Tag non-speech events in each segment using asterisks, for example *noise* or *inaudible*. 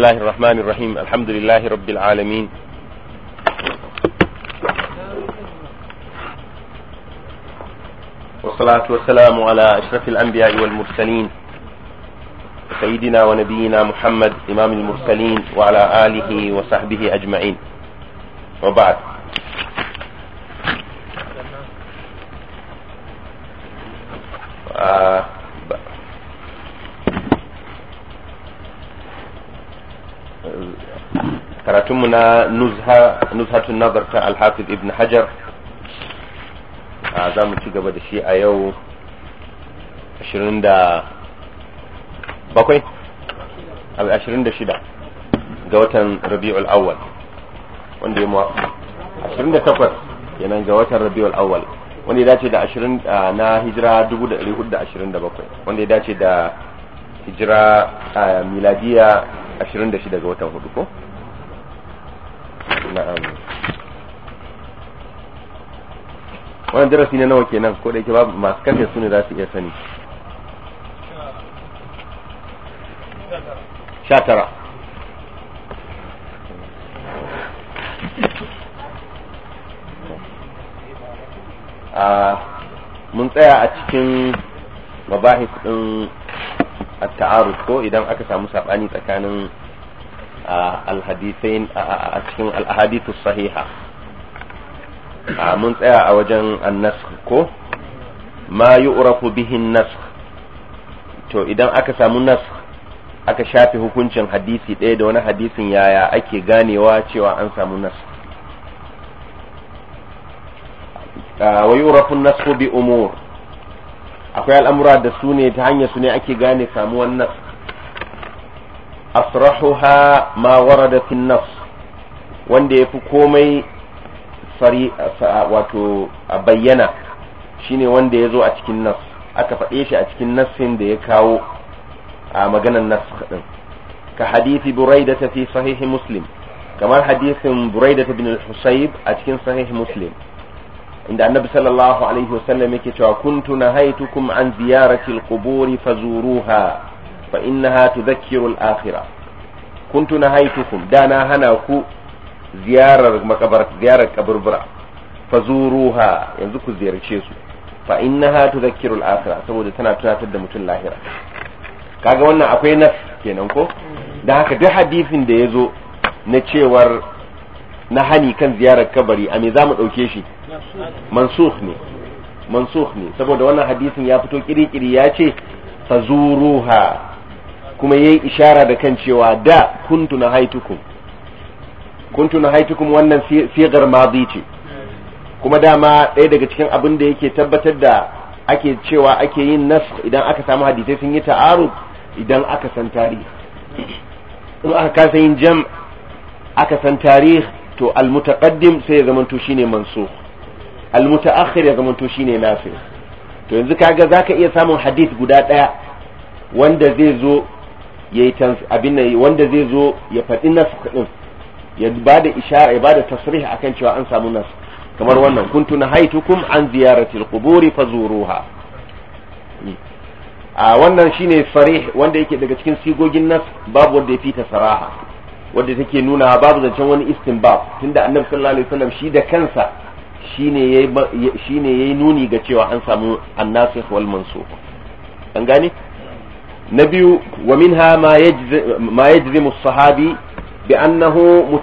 الله الرحمن الرحيم الحمد لله رب العالمين والصلاة والسلام على أشرف الأنبياء والمرسلين سيدنا ونبينا محمد إمام المرسلين وعلى آله وصحبه أجمعين وبعد آه karatunmu na nuzhatun nazar ta alhafiz ibn hajar ah, za mu ci gaba da shi a yau 27 26 ga watan rabi'ul awwal wanda ya mu 28 yanan ga watan rabi'ul awwal wanda ya dace da 20 ah, na hijira 1427 wanda ya dace da hijira ah, miladiya 26 ga watan hudu ko na'am wannan darasi ne nawa kenan ko da yake ba masu kashe su ne za su iya sani sha a mun tsaya a cikin mabahis din a ta'arus ko idan aka samu sabani tsakanin alhadithain a cikin alhadithus sahiha mun tsaya a wajen annask ko ma yi yu'rafu bihin nask to idan aka samu nask aka shafi hukuncin hadisi ɗaya da wani hadisin yaya ake ganewa cewa an samu nask wa yi yu'rafu nasku bi umur akwai al'amura da su ne ta hanyar su ne ake gane samuwan nask asrahuha ma warada fi nafs wanda ya fi komai sari wato a bayyana shine wanda ya zo a cikin nas aka faɗe shi a cikin nafsin da ya kawo a maganan nas din ka hadisi buraida ta fi sahihi muslim kamar hadisin buraida ta bin al a cikin sahihi muslim inda annabi sallallahu alaihi wasallam yake cewa kuntu nahaitukum an ziyarati al-qubur fazuruha fa innaha tudhakkiru al-akhirah kuntu kun da na hana ku ziyarar makabar ziyarar kaburbura fazuruha yanzu ku ziyarce su fa innaha tu al-akhirah saboda tana tunatar da mutum lahira kaga wannan akwai nas kenan ko da haka duk hadisin da yazo na cewar na hani kan ziyarar kabari a me za mu ɗauke shi mansukh ne mansukh ne saboda wannan hadisin ya fito kirikiri ya ce fa fazuruha kuma yayi ishara da kan cewa da kuntu na haitukum kuntu na haitukum wannan sigar madi ce kuma dama ɗaya daga cikin abin da yake tabbatar da ake cewa ake yin nas idan aka samu hadisai sun yi ta'arud idan aka san tarihi in aka kasa yin jam aka san tarihi to almutaqaddim sai ya zamanto shine mansukh almutaakhir ya zamanto shine nafi to yanzu kaga zaka iya samun hadith guda daya wanda zai zo yayi abin nan wanda zai zo ya faɗi nas din ya bada ishara ya bada tasrih akan cewa an samu nas kamar wannan kuntu nahaitukum an ziyarati alquburi fazuruha a wannan shine sarih wanda yake daga cikin sigogin nas babu wanda ya fita saraha wanda take nuna babu zancen wani istinbab tunda annabi sallallahu alaihi wasallam shi da kansa shine yayi shine yayi nuni ga cewa an samu annasikh wal mansukh an gane na biyu wa ha ma yajzimu sahabi bi annahu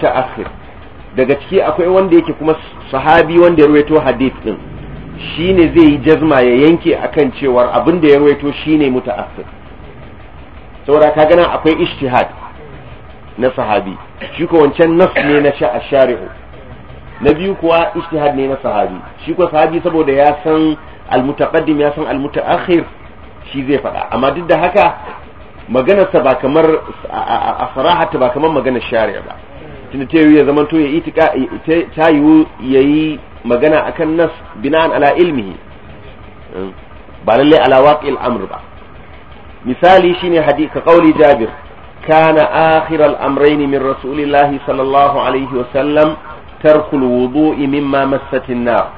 daga ciki akwai wanda yake kuma sahabi wanda ya ruwaito hadith din shine zai yi jazma ya yanke akan cewar abin da ya ruwaito shine muta'akhir saboda ka gana akwai ijtihad na sahabi shi ko wancan nas ne na shari'u na biyu kuwa ijtihad ne na sahabi shi ko sahabi saboda ya san al ya san al-mutaakhir shi zai faɗa amma duk da haka maganarsa ba kamar a sarahata ba kamar maganar shari'a ba tunda ta yiwu ya zamanto ya itika ta yiwu ya magana akan nas bina'an ala ilmihi hmm. ba lallai ala waƙil amr ba misali shine hadith ka kauli jabir kana akhir al-amrayn min rasulillahi sallallahu alaihi wa sallam tarkul wudu'i mimma massat an-nar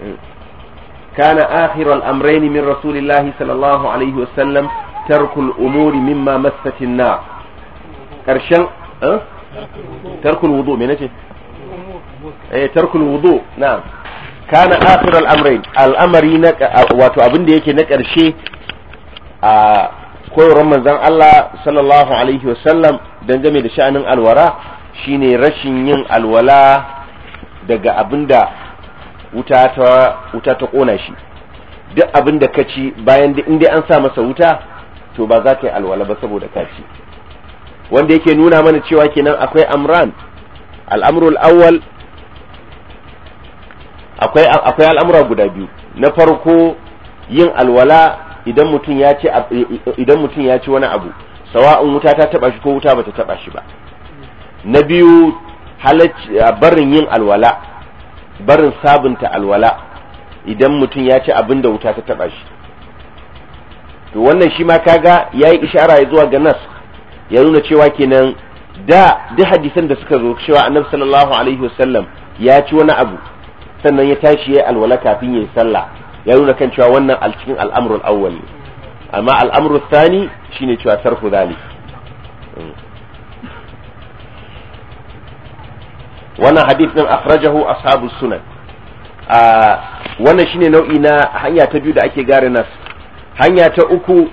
hmm. كان آخر الأمرين من رسول الله صلى الله عليه وسلم ترك الأمور مما مست النار كرشن أه؟ ترك الوضوء من أجل إيه ترك الوضوء نعم كان آخر الأمرين الأمرين واتو أبن ديك نكرشي آه koyarwar manzon Allah sallallahu alaihi wasallam dangane da sha'anin alwara shine rashin yin alwala daga abinda wuta ta wuta kona shi duk abin da ka ci bayan da inda an sa masa wuta to ba za ka yi alwala ba saboda ka ci wanda yake nuna mana cewa kenan akwai amran al'amrul awwal akwai akwai al'amura guda biyu na farko yin alwala idan mutum ya ci wani abu sawa'un wuta ta taba shi ko wuta bata taba shi ba na biyu halacci barin yin alwala barin sabunta alwala idan mutum ya ci abin da wuta ta taba shi to wannan shi ma kaga ya yi ishara ya zuwa ga nas ya nuna cewa kenan da duk hadisan da suka zo cewa annabi sallallahu alaihi wasallam ya ci wani abu sannan ya tashi yayi alwala kafin yayi sallah ya nuna kan cewa wannan al cikin al'amrul awwal amma al'amrul thani shine cewa tarku zalik mm. wannan hadith din akhrajahu ashabu sunan wannan shine nau'i na hanya ta biyu da ake gare nas hanya ta uku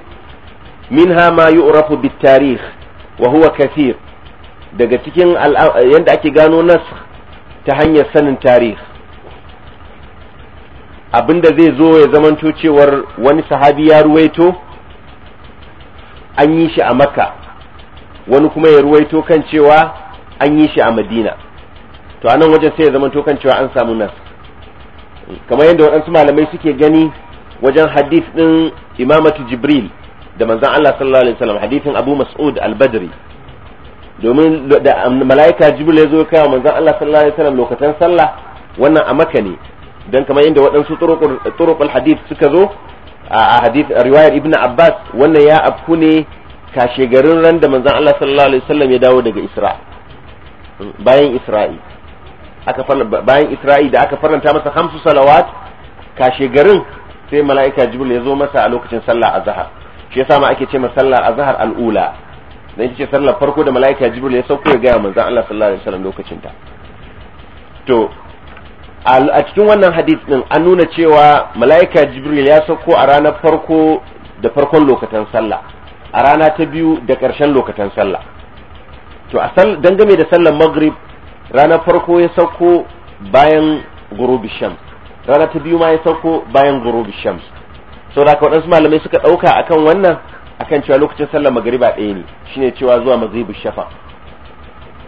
minha ma yu'rafu bit tarikh wa huwa kathir daga cikin yanda ake gano nas ta hanyar sanin tarikh abinda zai zo ya zamanto cewar wani sahabi ya ruwaito an yi shi a makka wani kuma ya ruwaito kan cewa an yi shi a madina to anan wajen sai ya zama to kan cewa an samu nas kamar yadda waɗansu malamai suke gani wajen hadith din imamatu jibril da manzon Allah sallallahu alaihi wasallam hadithin abu mas'ud al-badri domin da malaika jibril ya zo kai manzon Allah sallallahu alaihi wasallam lokacin sallah wannan a maka ne dan kamar yadda waɗansu turuqul hadith suka zo a hadith riwayar ibn abbas wannan ya afku ne kashe garin ran da manzon Allah sallallahu alaihi wasallam ya dawo daga isra hmm, bayan isra'i aka bayan isra'i da aka faranta masa hamsu salawat kashe garin sai mala'ika jibril ya zo masa a lokacin sallah azhar shi yasa ma ake ce sallah sallar azhar al'ula dan ita ce sallar farko da mala'ika jibril ya sauko ya gaya manzon Allah sallallahu alaihi wasallam lokacin ta to a cikin wannan hadith din an nuna cewa mala'ika jibril ya sauko a ranar farko da farkon lokacin sallah a rana ta biyu da ƙarshen lokacin sallah to a dangane da sallar maghrib ranar farko ya sauko bayan gurubi ranar ta biyu ma ya sauko bayan gurubi sham so da ka waɗansu malamai suka ɗauka akan wannan akan cewa lokacin sallar magariba ɗaya ne shine cewa zuwa mazibu shafa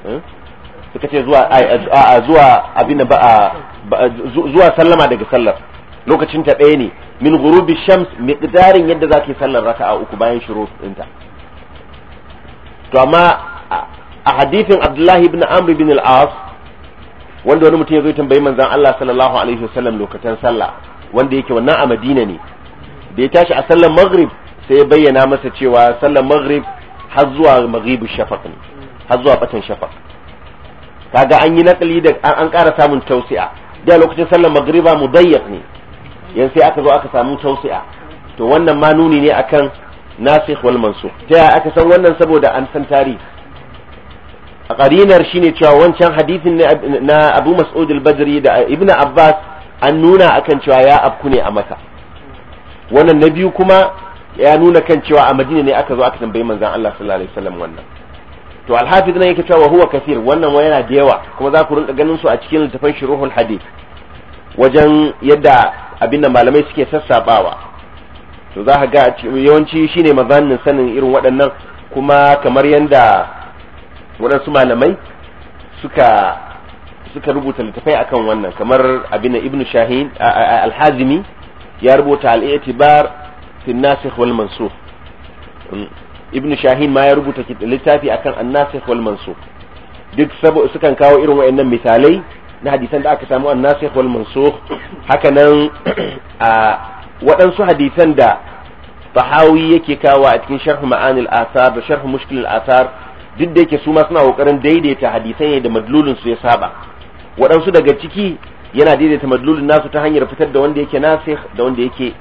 eh? suka ce zuwa a zuwa abin ba a zuwa sallama daga sallar lokacin ta ɗaya ne min gurubi shams miqdarin yadda zaka yi sallar raka'a uku bayan shuru ɗinta to amma a hadithin abdullahi ibn amr bin al-as wanda wani mutum ya zo tambayi manzon Allah sallallahu alaihi wasallam lokacin sallah wanda yake wannan a Madina ne da ya tashi a sallar maghrib sai ya bayyana masa cewa sallar maghrib har zuwa maghribu shafaq ne har zuwa batan shafaq kaga an yi nakali da an ƙara samun tausi'a da lokacin sallar maghriba mudayyiq ne yan sai aka zo aka samu tausi'a to wannan ma nuni ne akan nasikh wal mansukh ta aka san wannan saboda an san tarihi a ƙarinar shine cewa wancan hadithin na abu mas'ud al-badri da ibn abbas an nuna akan cewa ya afku ne a maka wannan na biyu kuma ya nuna kan cewa a madina ne aka zo aka tambayi manzon Allah sallallahu alaihi wasallam wannan to al-hafiz nan yake cewa huwa kathir wannan wa yana da yawa kuma za ku rinka ganin su a cikin littafin shuruhul hadith wajen yadda abin da malamai suke sassabawa to za ka ga yawanci shine mazanin sanin irin waɗannan kuma kamar yadda waɗansu malamai suka suka rubuta littafai akan wannan kamar abin da ibnu shahin alhazimi ya rubuta al'itibar fi nasikh wal mansukh mm, ibnu shahin ma ya rubuta littafi akan annasikh wal mansukh duk saboda sukan kawo irin wayannan misalai na hadisan da aka samu annasikh wal mansukh haka nan *clears throat* a waɗansu hadisan da tahawi yake kawo a cikin sharh ma'anil athar da sharh mushkil al athar duk da yake su ma suna kokarin daidaita hadisai ne da madlulin su ya saba waɗansu daga ciki yana daidaita madlulin nasu ta hanyar fitar da wanda yake nasikh da wanda yake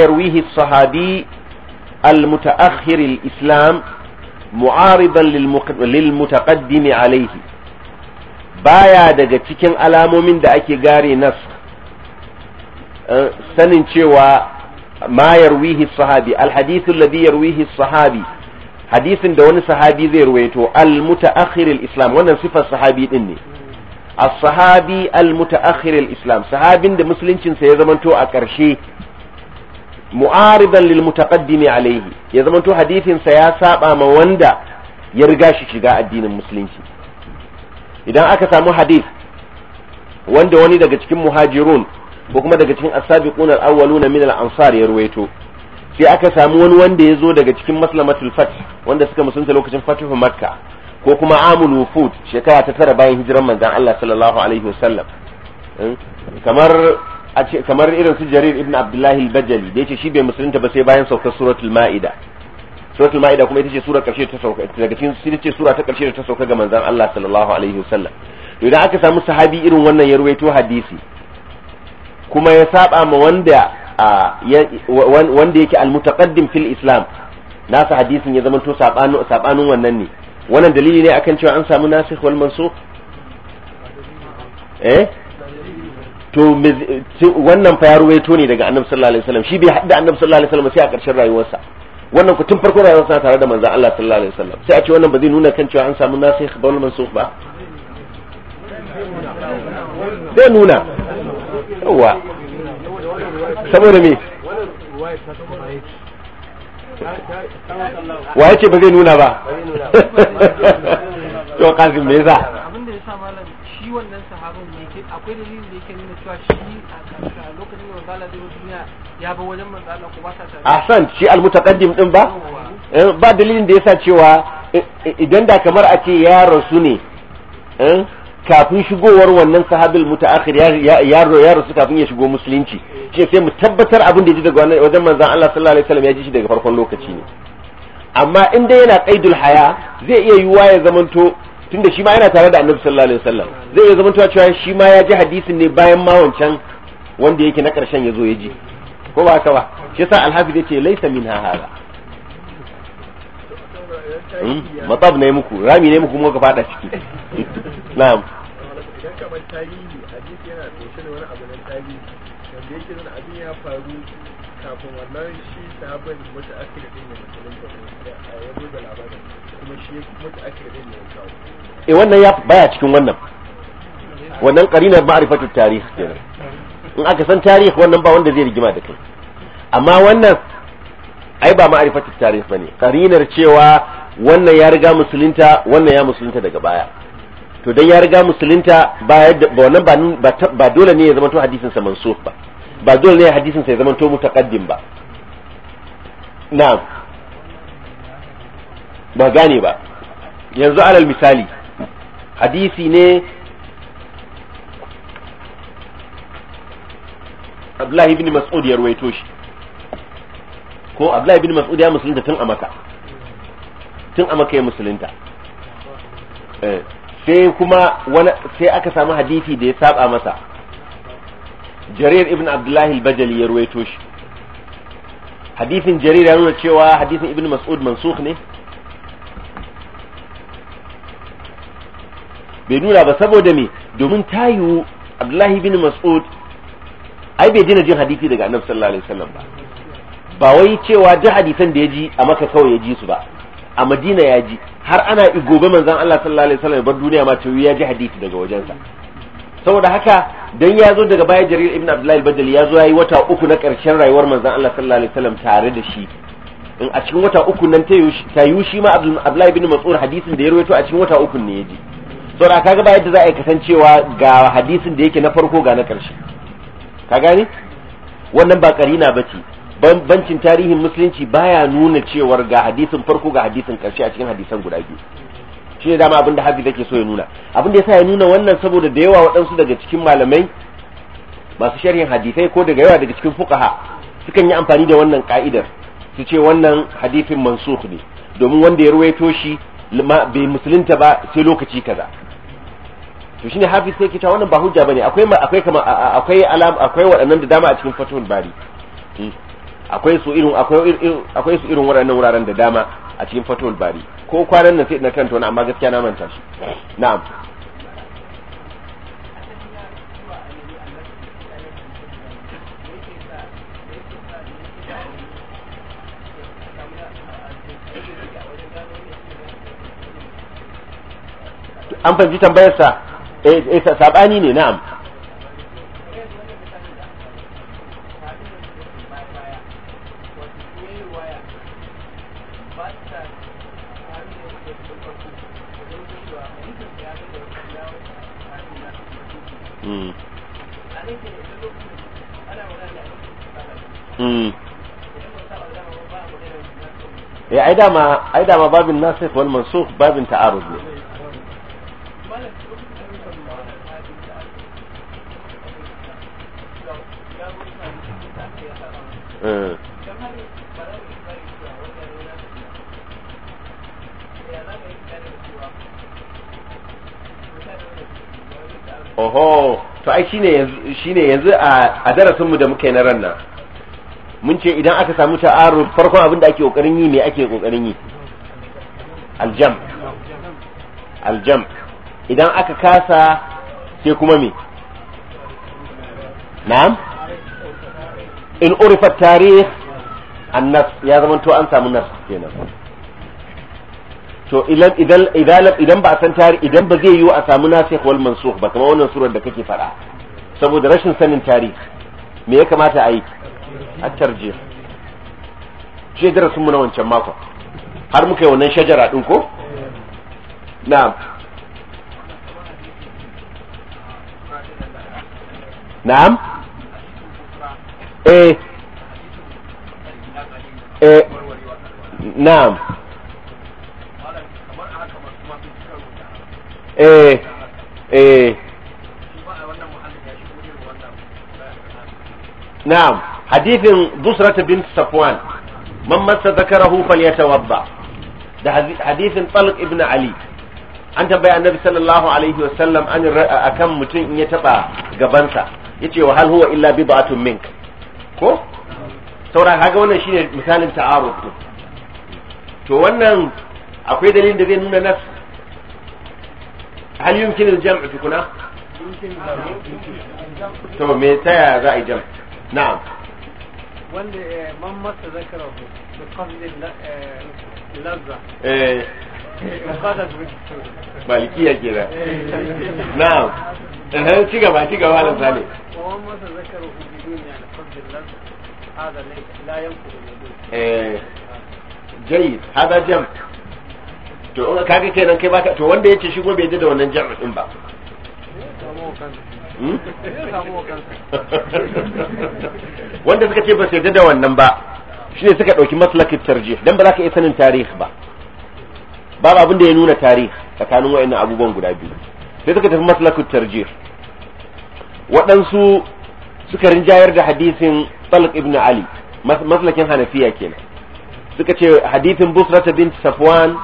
yarwihi as-sahabi al-muta'akhir al islam mu'aridan lil mutaqaddim alayhi baya daga cikin alamomin da ake gare nas eh, sanin cewa ma yarwihi sahabi alhadithu alladhi yarwihi sahabi hadisin da wani sahabi zai ruwaito al-mutaakhir al-islam wannan sifar sahabi din ne as-sahabi al-mutaakhir al-islam sahabin da musuluncinsa sa ya zamanto a ƙarshe mu'aridan lil mutaqaddimi alayhi ya zamanto hadisin sa ya saba ma wanda ya riga shi shiga addinin musulunci idan aka samu hadith wanda wani daga cikin muhajirun ko kuma daga cikin asabiquna sabiquna min al-ansar ya ruwaito sai aka samu wani wanda ya zo daga cikin maslamatul fath wanda suka musunta lokacin fatihu makka ko kuma amul wufud shekara ta tara bayan hijiran manzon Allah sallallahu alaihi wasallam hmm? kamar a ce kamar irin su jarir ibn abdullahi al-bajali da yace shi bai musulunta ba sai bayan saukar suratul ma'ida suratul ma'ida kuma ita ce sura karshe ta sauka daga cikin ita ce sura ta karshe da ta sauka ga manzon Allah sallallahu alaihi wasallam to idan aka samu sahabi irin wannan ya ruwaito hadisi kuma ya saba ma wanda wanda yake almutaqaddim fil islam nasa hadisin ya zamanto sabanin sabanin wannan ne wannan dalili ne akan cewa an samu nasikh wal mansukh eh to wannan fa ya ruwaito ne daga annabi sallallahu alaihi wasallam shi bai hadda annabi sallallahu alaihi wasallam sai a ƙarshen rayuwarsa wannan ku tun farko rayuwarsa tare da manzon Allah sallallahu alaihi wasallam sai a ce wannan ba zai nuna kan cewa an samu nasikh wal mansukh ba zai nuna yawa saboda me wa yake ba zai nuna ba to kasim me yasa abin da yasa malam shi wannan sahabin yake akwai dalilin da yake nuna cewa shi a lokacin da manzala zai duniya ya ba wajen manzala ko ba sa ahsan shi almutaqaddim din ba eh, ba dalilin da yasa cewa eh, eh, idan da kamar a ce ya rasu ne kafin shigowar wannan sahabil mutaakhir ya ya rasu kafin ya shigo musulunci shi sai mu tabbatar abin da ya ji daga wajen manzon Allah sallallahu alaihi wasallam ya ji shi daga farkon lokaci ne amma in dai yana qaidul haya zai iya yiwa ya zamanto tunda shi ma yana tare da Annabi sallallahu alaihi wasallam zai iya zamanto cewa shi ma ya ji hadisin ne bayan ma wancan wanda yake na karshen ya zo ya ji ko ba haka ba shi yasa alhafi ce laysa min hada matsab ne muku rami ne muku muka fada ciki *laughs* na'am kamar tarihi yana da wani abu na tarihi wanda yake nuna ya faru kafin wannan ya wannan ya baya cikin wannan wannan karinar ma'rifatu tarihi kenan in aka san tarihi wannan ba wanda zai rigima da kai amma wannan ai ba ma'arifatul tarikh bane karinar cewa wannan ya riga musulunta wannan ya musulunta daga baya to dan ya riga musulunta ba wannan ba ba dole ne ya zama to hadisin sa mansuf ba ba dole ne hadisin sa ya zama to mutaqaddim ba na'am ba gane ba yanzu alal misali hadisi ne Abdullahi ibn Mas'ud ya ruwaito shi ko abdullahi bin mas'ud ya musulunta tun a maka tun a maka ya musulunta eh, sai kuma wani sai aka samu hadisi da ya saba masa jarir ibn abdullahi al-bajali ya ruwaito shi hadisin jarir ya nuna cewa hadisin ibn mas'ud mansukh ne bai nuna ba saboda me domin tayu abdullahi bin mas'ud ai bai dina jin hadisi daga annabi sallallahu alaihi wasallam ba ba wai cewa duk hadisan da ya ji a maka kawai ya ji su ba a madina ya ji har ana gobe manzan Allah sallallahu alaihi wasallam bar duniya ma cewa ya ji hadisi daga wajensa saboda haka dan ya zo daga baya jarir ibn abdullahi badali ya zo yayi wata uku na karshen rayuwar manzan Allah sallallahu alaihi wasallam tare da shi in a cikin wata uku nan ta ta yushi ma abdullahi ibn mas'ud hadisin da ya rawaito a cikin wata uku ne ya ji saboda kaga ba yadda za a yi kasancewa ga hadisin da yake na farko ga na karshe ka gani wannan ba karina bace bambancin tarihin musulunci baya nuna cewar ga hadisin farko ga hadisin karshe a cikin hadisan guda biyu shi ne dama abin da hafi take so ya nuna abin da sa ya nuna wannan saboda da yawa waɗansu daga cikin malamai masu sharhin hadisai ko daga yawa daga cikin fuqaha sukan yi amfani da wannan ka'idar su ce wannan hadisin mansukh ne domin wanda ya ruwaito shi bai musulunta ba sai lokaci kaza to shine hafi sai kita wannan ba hujja bane akwai akwai kama akwai alam akwai waɗannan da dama a cikin fatul bari hmm. akwai su irin akwai su irin waɗannan wuraren da dama a cikin fatul bari ko kwanan nan sai na kanta wani amma gaskiya na manta shi na'am an fahimci tambayarsa eh, eh sabani ne na'am ya hmm. eh, ai dama ai dama babin nasikh wal mansukh babin ta'arud ne Uh. oho to ai shine yanzu shine yanzu a darasin mu da muka yi na ranna mun ce idan aka samu ta'arud farkon abin da ake kokarin yi me ake kokarin yi aljam aljam idan aka kasa sai kuma me na'am in urifa tarikh annas ya zama to an samu nas kenan to idan idan idan ba a san tarihi idan ba zai yiwu a samu nasikh wal mansukh ba kamar wannan surar da kake faɗa saboda rashin sanin tarihi me ya kamata a yi a tarjih shi da mu na wancan makon har muka yi wannan shajara din ko na'am na'am eh eh na'am eh eh na'am hadithin busrat bint safwan man massa zakarahu falyatawadda da hadithin talq ibn ali an tambaya annabi sallallahu alaihi wasallam an akan mutum in ya taɓa gabansa yace wa hal huwa illa bid'atun mink ko saura kaga wannan shine misalin ta'aru. to wannan akwai dalilin da zai nuna nas هل يمكن الجمع تكون ثم متى رأي جمع نعم آه، آه، إيه. مالكية كذا نعم هل تيجا ما تيجا ولا ثاني ومما تذكروا في يعني قصد اللذة هذا لا ينقل الوجود إيه. جيد هذا جمع to in kaga kenan kai baka to wanda yace shi gobe da wannan jar'u din ba hmm? *laughs* wanda suka ce ba su yarda da wannan ba shine suka dauki maslakin tarjih dan ba za ka iya sanin tarihi ba babu abin da ya nuna tarihi tsakanin wayannan abubuwan guda biyu sai suka tafi maslakin tarjih waɗansu suka rinjayar da hadisin Talq ibn Ali maslakin Hanafiya kenan suka ce hadisin busra bint Safwan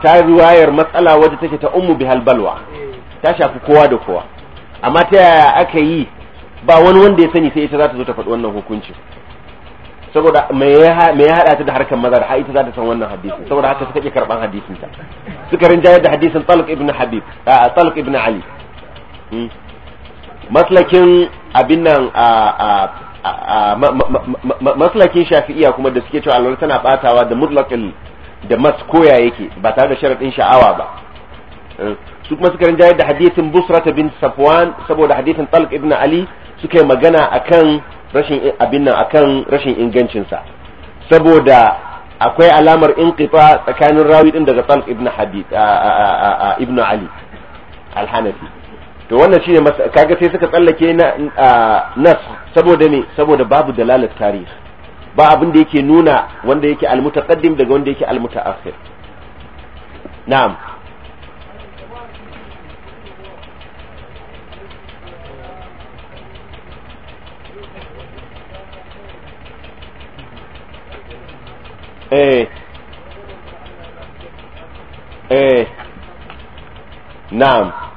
ta riwayar matsala wadda take ta ummu bihal balwa eh. ta shafi kowa da kowa amma ta yaya aka yi ba wani wanda ya sani sai ita za ta zo ta faɗi wannan hukuncin saboda me ya haɗa ta da harkar maza da ita za ta san wannan hadisin saboda haka suka ƙi karɓan hadisin ta suka rinjaye da hadisin talq ibn habib talq ibn ali hmm. maslakin abin nan a maslakin shafi'iya kuma da suke cewa alwar tana batawa da mutlaqil da mas koya yake ba tare da sharaɗin sha'awa ba eh, su kuma suka rinjaye da hadithin busrata bin safwan saboda hadithin talq ibn ali suka yi magana akan rashin abin nan akan rashin ingancinsa saboda akwai alamar inqita tsakanin rawi din daga talq ibn hadith ibn ali al-hanafi to wannan shine kaga sai suka tsallake na nas saboda ne saboda babu dalalar tarihi ba abin da yake nuna wanda yake almutaqaddim daga wanda yake almutaakhir na'am eh eh na'am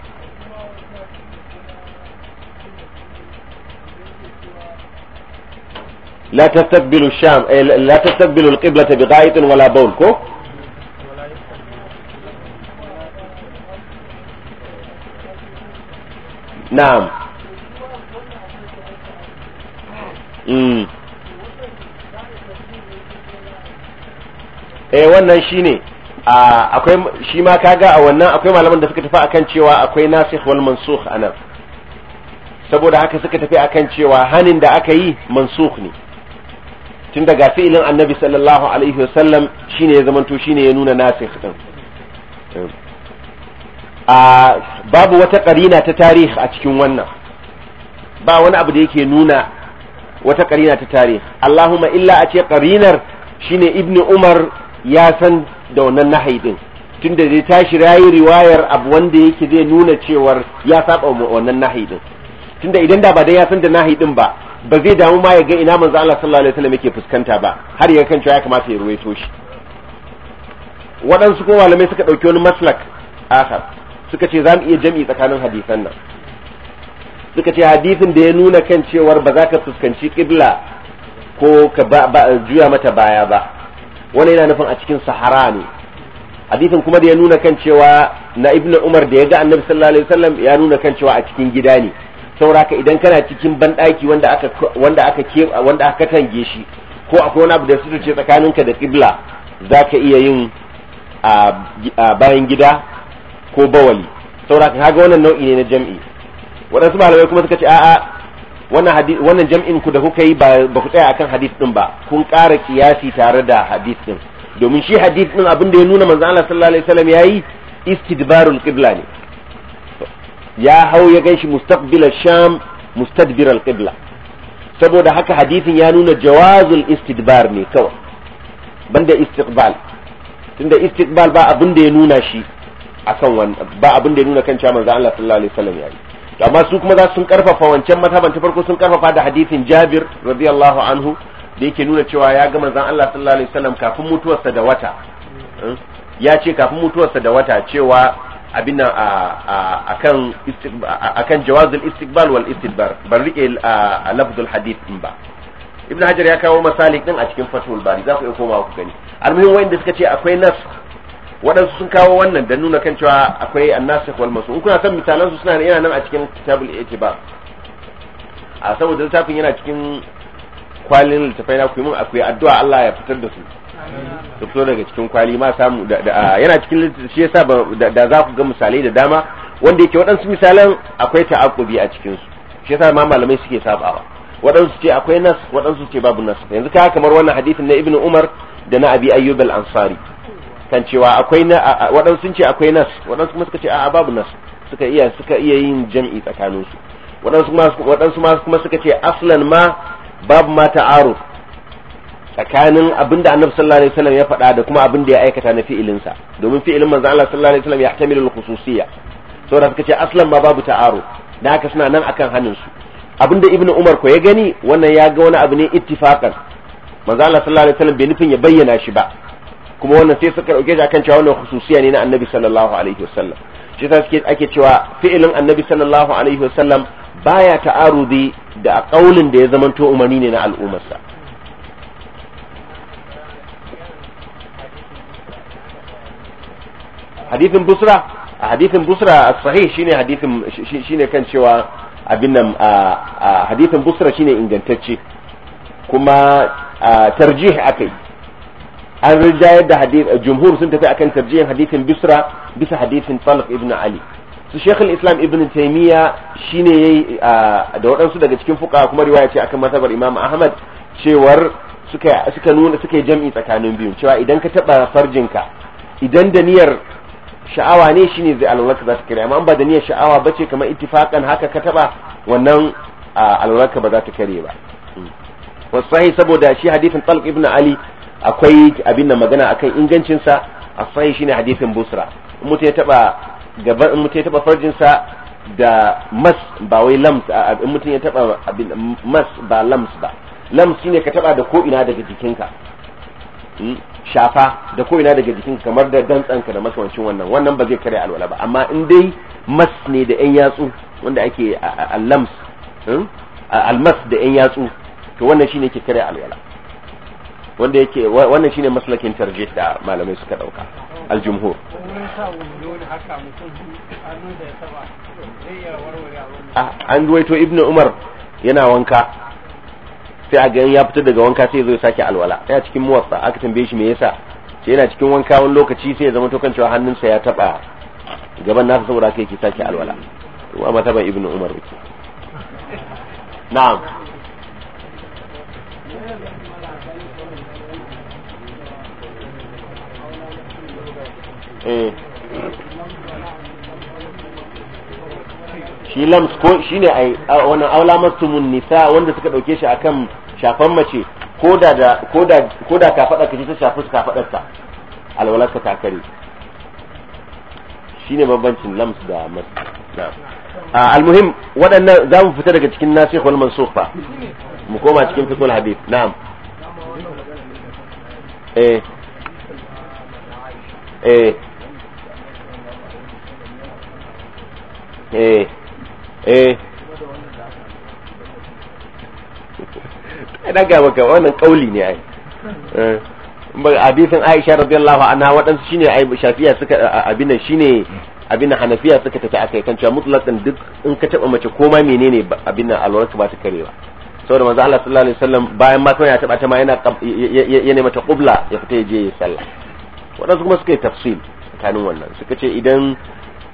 la tastaqbilu sham la tastaqbilu al-qiblata bi gha'itin wala bawl ko na'am mm eh wannan shine akwai shi ma kaga a wannan akwai malaman da suka tafi akan cewa akwai nasikh wal mansukh anan saboda haka suka tafi akan cewa hanin da aka yi mansukh ne tun daga fi'ilin annabi sallallahu alaihi wasallam shine ya zamanto shine ya nuna nasikh din a babu wata karina ta tarihi a cikin wannan ba wani abu da yake nuna wata karina ta tarihi Allahumma illa a ce karinar shine ibnu umar ya san da wannan nahayi din tunda zai tashi rayi riwayar abu wanda yake zai nuna cewar ya saba wannan nahayi din tunda idan da ba dai ya san da nahi din ba ba zai damu ma ya ga ina manzo Allah sallallahu alaihi wasallam yake fuskanta ba har ya kan cewa ya kamata ya ruwaito shi waɗansu kuma malamai suka ɗauki wani maslak akhar suka ce za mu iya jam'i tsakanin hadisan nan suka ce hadisin da ya nuna kan cewar ba za ka fuskanci kibla ko ka ba juya mata baya ba wani yana nufin a cikin sahara ne hadisin kuma da ya nuna kan cewa na ibnu umar da ya ga annabi sallallahu alaihi wasallam ya nuna kan cewa a cikin gida ne sauraka idan kana cikin banɗaki wanda aka wanda aka ke shi ko akwai wani abu da su ce tsakaninka da kibla zaka iya yin a bayan gida ko bawali sauraka kaga wannan nau'i ne na jam'i waɗansu malamai kuma suka ce a'a wannan jam'in ku da kuka yi ba ku tsaya akan hadith din ba kun ƙara kiyasi tare da hadith din domin shi hadith din abin da ya nuna manzo Allah sallallahu alaihi wasallam yayi istidbarul qibla ne ya hau ya ganshi mustaqbil sham mustadbir al-qibla saboda haka hadithin ya nuna jawazul istidbar ne kawai banda istiqbal tunda istiqbal ba abin da ya nuna shi akan wannan ba abin da ya nuna kan cewa manzo Allah sallallahu alaihi wasallam yayi amma su kuma za sun karfafa wancan mazhaban ta farko sun karfafa da hadithin Jabir radiyallahu anhu da yake nuna cewa ya ga manzo Allah sallallahu alaihi wasallam kafin mutuwarsa da wata hmm? ya ce kafin mutuwarsa da wata cewa abin nan akan akan jawazul istiqbal wal istidbar ban rike lafzul hadith din ba ibn hajar ya kawo masalik din a cikin fatul bari za ku iya komawa ku gani almuhim wanda suka ce akwai nas waɗansu sun kawo wannan da nuna kan cewa akwai annas wal masu in kuna san misalan su suna yana nan a cikin kitabul itibar a saboda littafin yana cikin kwalin littafai na ku yi mun akwai addu'a Allah ya fitar da su ta fito daga cikin kwali ma samu da yana cikin shi yasa da za ku ga misalai da dama wanda yake waɗansu misalan akwai ta'aqubi a cikin su shi yasa ma malamai suke sabawa waɗansu ce akwai nas waɗansu ce babu nas yanzu ka kamar wannan hadisin na ibnu umar da na abi ayyub al-ansari kan cewa akwai na waɗansu ce akwai nas waɗansu kuma suka ce a'a babu nas suka iya suka iya yin jam'i tsakanin su waɗansu ma waɗansu ma kuma suka ce aslan ma babu ma ta'aruf tsakanin abin da annabi sallallahu alaihi wasallam ya faɗa da kuma abin da ya aikata na fi'ilinsa domin fi'ilin manzo Allah sallallahu alaihi wasallam ya hatamilu al-khususiyya saboda suka ce aslan ba babu ta'aro da haka suna nan akan hannun su abin da ibnu umar ko ya gani wannan ya ga wani abu ne ittifaqan manzo Allah sallallahu alaihi wasallam bai nufin ya bayyana shi ba kuma wannan sai suka dauke shi akan cewa wannan khususiyya ne na annabi sallallahu alaihi wasallam shi ta suke ake cewa fi'ilin annabi sallallahu alaihi wasallam baya ta'arudi da kaulin da ya zamanto umarni ne na al'umarsa. hadithin busra a hadithin busra sahih shine hadithin shine kan cewa abin nan a hadithin busra shine ingantacce kuma tarjih akai an rijayar da hadith jumhur sun tafi akan tarjihin hadithin busra bisa hadithin talq ibn ali su shekul islam ibn taimiyya shine yayi da waɗansu daga cikin fuka kuma riwaya ce akan mazhabar imam ahmad cewar suka suka nuna suka jam'i tsakanin biyu cewa idan ka taba farjinka idan da niyyar sha'awa ne shine zai alwalarka za ta kare amma ba da niyyar sha'awa ba bace kamar ittifakan haka ka taba wannan alwalarka ba za ta kare ba hmm. wasai saboda shi hadithin talq ibn ali akwai abin da magana akan ingancin sa asai shine hadithin busra in mutum ya taba gaban in mutum ya taba farjin sa da mas ba wai lams in mutum ya taba abin mas ba lams ba lams shine ka taba da ko ina daga jikinka Mm, shafa da ko ina daga jikin kamar da dantsanka da masawancin wannan wannan ba zai kare alwala ba amma in dai mas ne da yan yatsu wanda ake mm, al almas da yan yatsu to wannan shine ke kare alwala wanda yake wannan shine maslakin tarjih da malamai suka dauka al-jumhur ah, an ruwaito ibnu umar yana wanka sai a gani ya fita daga wanka sai ya zo ya sake alwala yana cikin muwaffa aka tambaye shi me yasa ce yana cikin wanka wani lokaci sai ya zama to kan cewa hannunsa ya taba gaban nasa saboda kai ke sake alwala amma ta ban ibnu umar yake na'am eh. shi lams ko shine ai wannan nisa wanda suka dauke shi akan shafan mace ko da ka faɗa ka ce ta shafi su ka faɗarta alwalarka ta kare shi ne bambancin lams da mas almuhim waɗannan za mu fita daga cikin nasi kwan mansukh fa mu koma cikin fiqhul habib na'am eh eh eh eh ina ga maka wannan kauli ne ai eh. hadisin Aisha radiyallahu anha wadansu shine ai Shafi'a suka abin nan shine abin nan Hanafiya suka tafi akai kan cewa mutlaqan duk in ka taba mace koma menene abin nan alwarka ba ta karewa saboda manzo Allah sallallahu alaihi wasallam bayan ma kawai ya taba ta ma yana yana mata qubla ya fita ya je ya sallah waɗansu kuma suka yi tafsil tsakanin wannan suka ce idan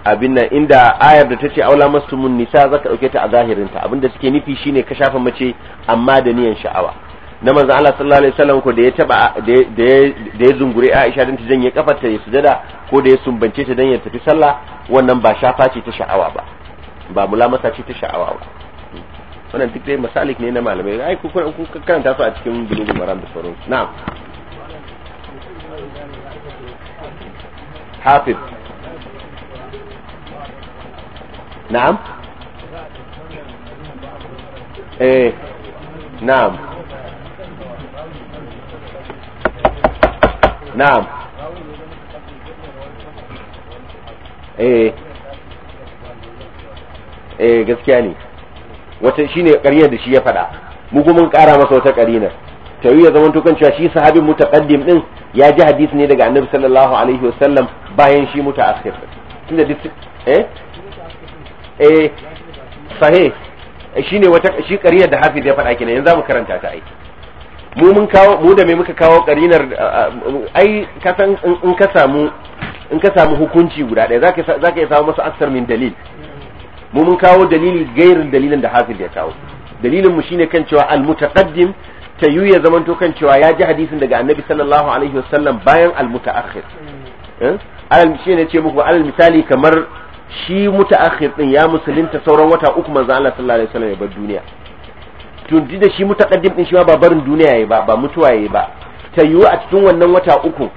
abin nan inda ayar da tace aula mastumun nisa zaka dauke ta a zahirinta abinda suke nufi shine ka shafa mace amma da niyan sha'awa na manzon Allah sallallahu alaihi wasallam ko da ya taba da ya zungure Aisha dan ta janye kafarta ya sujada ko da ya sumbance ta dan ya tafi sallah wannan ba shafa ce ta sha'awa ba ba mulamasa ce ta sha'awa ba wannan duk dai masalik ne na malamai ai ku karanta su a cikin bulugu maran da sauransu na'am hafiz na'am ايه نعم نعم ايه ايه gaskiya ne wata shine ƙaryar da shi ya faɗa mu kuma ƙara masa wata ƙarina ta yau ya zama tukan cewa shi sahabin mutaqaddim din ya ji hadisi ne daga annabi sallallahu alaihi wasallam bayan shi mutaakhir tunda duk eh eh sahih shine wata shi ƙariyar da hafiz ya faɗa kenan yanzu za mu karanta ta aiki mu mun kawo mu da me muka kawo ƙarinar ai ka san in ka samu in ka samu hukunci guda ɗaya za zaka samu masa aksar min dalil mu mun kawo dalili gairin dalilin da hafiz ya kawo dalilin mu shine kan cewa al mutaqaddim tayyu ya zamanto kan cewa ya ji hadisin daga annabi sallallahu alaihi wasallam bayan al mutaakhir eh? alal shi ne ce muku alal misali kamar shi akhir din ya musulunta sauran wata uku manzo Allah sallallahu alaihi wasallam ya bar duniya to da shi kadim din shi ba barin duniya yayi ba ba mutuwa yayi ba ta yiwu a cikin wannan wata uku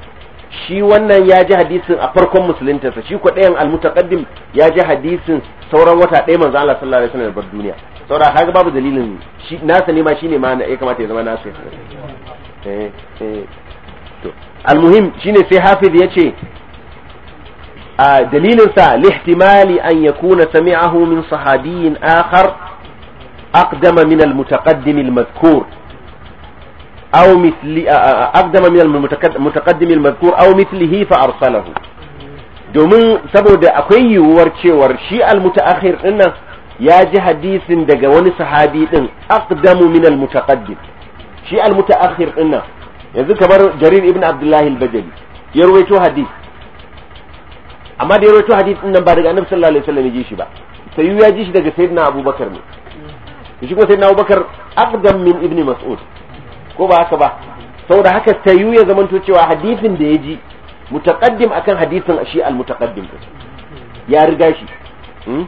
shi wannan ya ji hadisin a farkon ta shi ko ɗayan almutaqaddim ya ji hadisin sauran wata ɗaya manzo Allah sallallahu alaihi wasallam bar duniya saboda haka babu dalilin shi nasa ne ma shine ma ya kamata ya zama nasa eh eh to almuhim shine sai hafiz yace a dalilin sa lihtimali an yakuna sami'ahu min sahabiyin akhar aqdama min al-mutaqaddim al-madhkur aw mithli aqdama min al-mutaqaddim al-madhkur aw mithlihi fa arsalahu domin saboda akwai yiwuwar cewar shi al-mutaakhir dinnan ya ji hadisin daga wani sahabi din aqdamu min al-mutaqaddim shi al-mutaakhir dinnan yanzu kamar jarir ibn abdullahi al-bajali ya rawaito hadisi amma da ya rawaito din nan ba daga annabi sallallahu alaihi wasallam ya ji shi ba sai ya ji shi daga sayyidina abubakar ne shi kuma sayyidina abubakar aqdam min ibn mas'ud ko ba haka ba saboda haka sayu ya zamanto cewa hadisin da ya ji mutaqaddim akan hadisin shi al mutaqaddim ya riga shi hmm?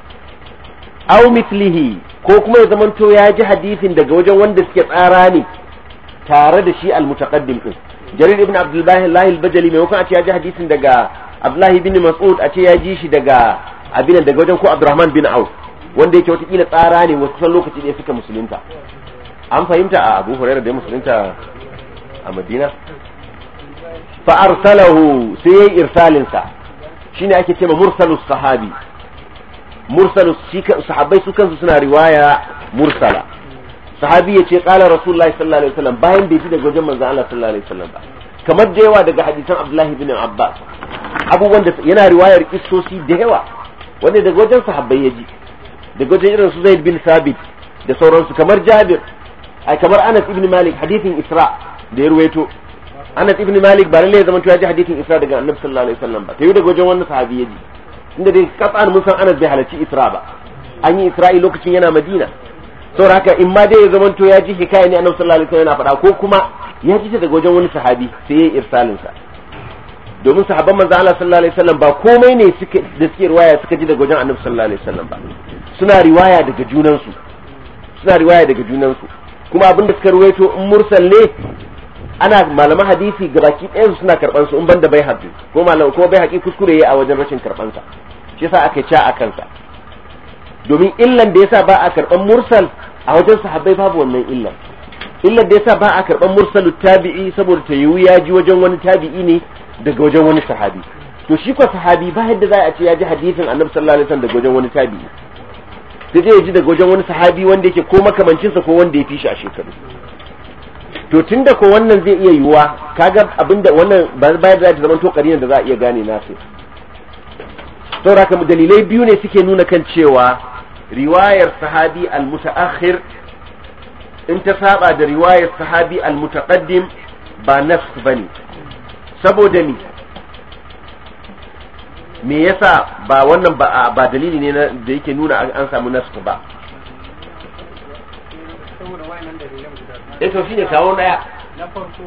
aw mithlihi ko kuma ya zamanto ya ji hadisin daga wajen wanda suke tsara ne tare da shi al mutaqaddim din jarir ibn abdullahi al-bajali maimakon a ce ya ji hadisin daga abdullahi bin mas'ud a ce ya ji shi daga abin daga wajen ko abdurrahman bin auf wanda yake kila tsara ne wasu san lokaci ne suka musulunta an fahimta a abu Hurairah da musulunta a madina fa arsalahu sai yayi irsalin sa shine ake cewa mursalus sahabi mursalus shi sahabbai su kansu suna riwaya mursala sahabi yace qala rasulullahi sallallahu alaihi wasallam bayan bai ji daga wajen manzo Allah sallallahu alaihi wasallam ba kamar da yawa daga hadisan Abdullahi bin Abbas abubuwan da yana riwayar kissosi da yawa wanda daga wajen sahabbai ya ji daga wajen irin su Zaid bin Sabit da sauransu kamar Jabir ai kamar Anas ibn Malik hadithin Isra da ya ruwaito Anas ibn Malik ba lalle ya zama ya ji hadithin Isra daga Annabi sallallahu alaihi wasallam ba ta daga wajen wannan sahabi ya inda dai kasan mun san Anas bai halarci Isra ba an yi Isra'i lokacin yana Madina saboda haka in ma dai ya zama to ya ji hikaya ne annabi sallallahu alaihi wasallam yana faɗa ko kuma ya ji daga wajen wani sahabi sai ya irsalin sa domin sahabban manzo Allah sallallahu alaihi wasallam ba komai ne suke da suke riwaya suka ji daga wajen annabi sallallahu alaihi wasallam ba suna riwaya daga junan su suna riwaya daga junan su kuma abin da suka ruwaito in mursal ne ana malaman hadisi gabaki ɗayan suna karɓan su in banda bai haƙi ko malam ko bai haƙi kuskure ya a wajen rashin karɓan sa shi yasa aka ci a kansa domin illan da yasa ba a karban mursal a wajen sahabbai babu wannan illan illan da yasa ba a karban mursalu tabi'i saboda ta yiwu ya ji wajen wani tabi'i ne daga wajen wani sahabi to shi ko sahabi ba yadda za a ce ya ji hadisin annabi sallallahu alaihi wasallam daga wajen wani tabi'i sai ya ji daga wajen wani sahabi wanda yake ko sa ko wanda ya fi shi a shekaru to tunda ko wannan zai iya yiwuwa kaga abinda wannan bayar da zama to karina da za a iya gane nasu saboda dalilai biyu ne suke nuna kan cewa riwayar sahabi al-mutaakhir in ta saba da riwayar sahabi al-mutaqaddim ba nafs bane saboda ni me yasa ba wannan ba ba dalili ne da yake nuna an samu nafs ba eh shine kawo daya na farko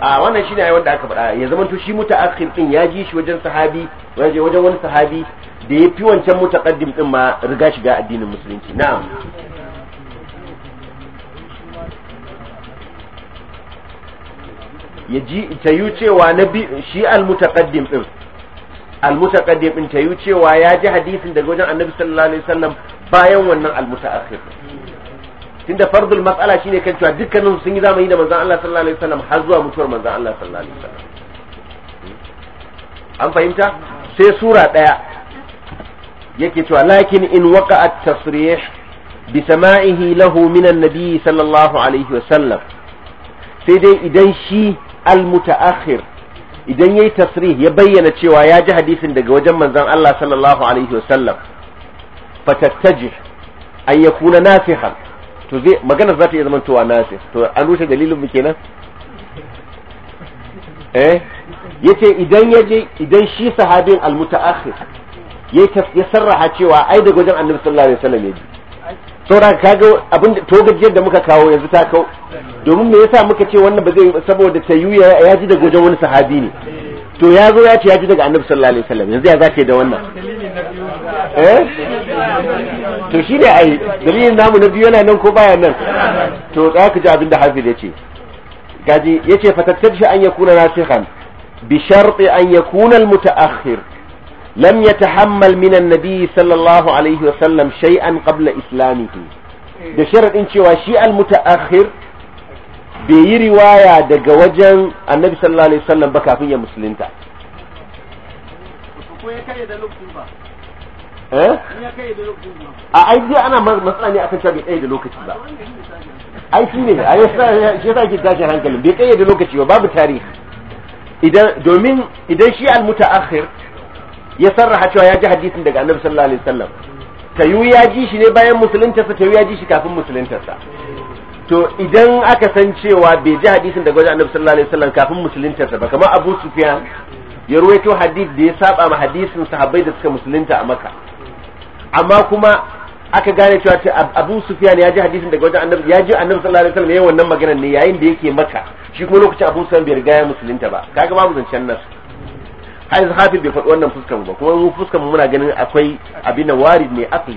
a wannan shine ai wanda aka faɗa ya zama to shi mutaakhir din ya ji shi wajen sahabi waje wajen wani sahabi da ya fi wancan mutaqaddim din ma riga shiga addinin musulunci na'am ya ji ta yi cewa na bi shi al-mutaqaddim din al-mutaqaddim din ta yi cewa ya ji hadisin daga wajen annabi sallallahu alaihi wasallam bayan wannan al-mutaakhir tunda fardul mas'ala shine kan cewa dukkanin sun yi zamani da manzon Allah sallallahu alaihi wasallam har zuwa mutuwar manzon Allah sallallahu alaihi wasallam hmm? an fahimta sai sura daya yake cewa lakin in waqa'at tasrih bi sama'ihi lahu min annabi sallallahu alaihi wasallam sai dai idan shi al-muta'akhir idan yayi tasrih ya bayyana cewa ya ji hadisin daga wajen manzon Allah sallallahu alaihi wasallam fatattaji an yakuna nafihan to zai magana za ta iya zamantowa nasir to an rushe dalilin mu kenan eh yace idan yaje idan shi sahabin almutaakhir ya sarraha cewa ai daga wajen annabi sallallahu alaihi wasallam to da kaga abin to gaje da muka kawo yanzu ta kawo domin me yasa muka ce wannan ba zai saboda tayuya ya ji daga wajen wani sahabi ne to ya zo ya ce ya ji daga annabi sallallahu alaihi wasallam yanzu ya zace da wannan eh to shi ne ai dalilin namu na biyu yana nan ko baya nan to za ka ji abin da hafiz ya ce gaji ya ce shi an yakuna nasihan bi sharti an yakuna al mutaakhir lam ya tahammal minan nabi sallallahu alaihi wasallam shay'an qabla islamihi da sharadin cewa shi al mutaakhir bai yi riwaya daga wajen annabi sallallahu alaihi wasallam ba kafin ya musulunta eh? a aiki ana matsala ne akan kan bai kai da lokaci ba ai shi ne a shi yasa ke tashin hankalin bai kai da lokaci ba babu tarihi idan domin idan shi almuta akhir ya sarraha cewa ya ji hadisin daga annabi sallallahu alaihi wasallam tayu ya ji shi ne bayan musuluntarsa tayu ya ji shi kafin musuluntarsa to idan aka san cewa bai ji hadisin daga wajen annabi sallallahu alaihi wasallam kafin musuluntarsa ba kamar Abu Sufyan ya ruwaito hadis da ya saba ma hadisin sahabbai da suka musulunta a Makka amma kuma aka gane cewa ce Abu Sufyan ya ji hadisin daga wajen annabi ya ji annabi sallallahu alaihi wasallam yayin wannan maganar ne yayin da yake Makka shi kuma lokacin Abu Sufyan bai riga ya musulunta ba kaga babu zancen nan har yanzu hafi bai faɗi wannan fuskar ba kuma mu fuskar muna ganin akwai abin da warid ne akwai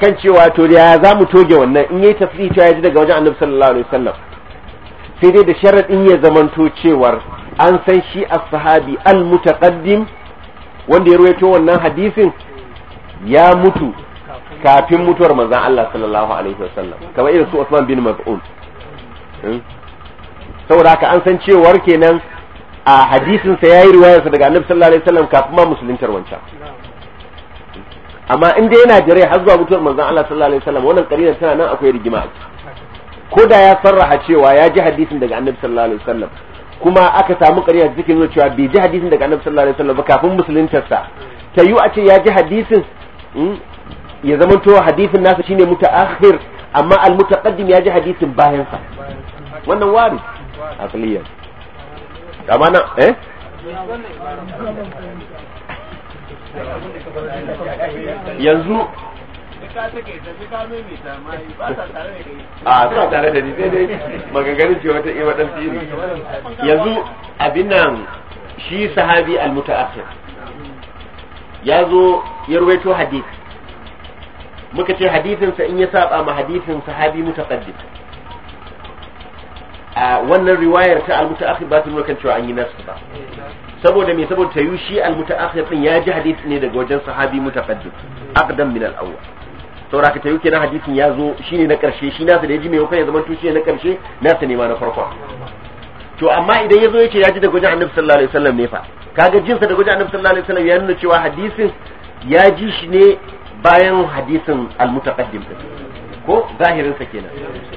kan cewa to ya za mu toge wannan in yi tafsiri cewa ya ji daga wajen annabi sallallahu alaihi wasallam sai dai da sharadin ya zamanto cewar an san shi as-sahabi al-mutaqaddim wanda ya ruwaito wannan hadisin ya mutu kafin mutuwar manzon Allah sallallahu alaihi wasallam kamar irin su Uthman bin Maz'un hmm? saboda haka an san cewar kenan a hadisin sa yayi riwayar daga annabi sallallahu alaihi wasallam kafin ma musuluntar wancan amma in dai yana jira har zuwa mutuwar manzon Allah sallallahu alaihi wasallam wannan qarina tana nan akwai rigima a ko da ya sarraha cewa ya ji hadisin daga annabi sallallahu alaihi wasallam kuma aka samu qarina da take nuna cewa bai ji hadisin daga annabi sallallahu alaihi wasallam ba kafin musuluntarsa ta yi a ce ya ji hadisin hmm, ya to hadisin nasa shine mutaakhir amma almutaqaddim ya ji hadisin bayan sa wannan wari asliyan amma na eh yanzu ah, tare da ni sai dai maganganun ce wata iya waɗansu iri yanzu abin nan shi sahabi al-muta'akhir ya zo ya ruwaito hadith muka ce hadithinsa in ya saba ma hadithin sahabi mutaqaddim a ah, wannan riwayar ta al-muta'akhir ba ta nuna kan cewa an yi nasu ba saboda me saboda tayu shi al-mutaakhir din ya ji hadisi ne daga wajen sahabi mutaqaddim aqdam min al-awwal saboda ka tayu kenan hadisin ya zo shine na karshe shi nasa da ya ji me kai ya zama tushe na karshe nasa ne ma na farko to amma idan ya zo ya ya ji daga wajen annabi sallallahu alaihi wasallam ne fa kaga jinsa daga wajen annabi sallallahu alaihi wasallam ya nuna cewa hadisin ya ji shi ne bayan hadisin al-mutaqaddim din ko zahirinsa kenan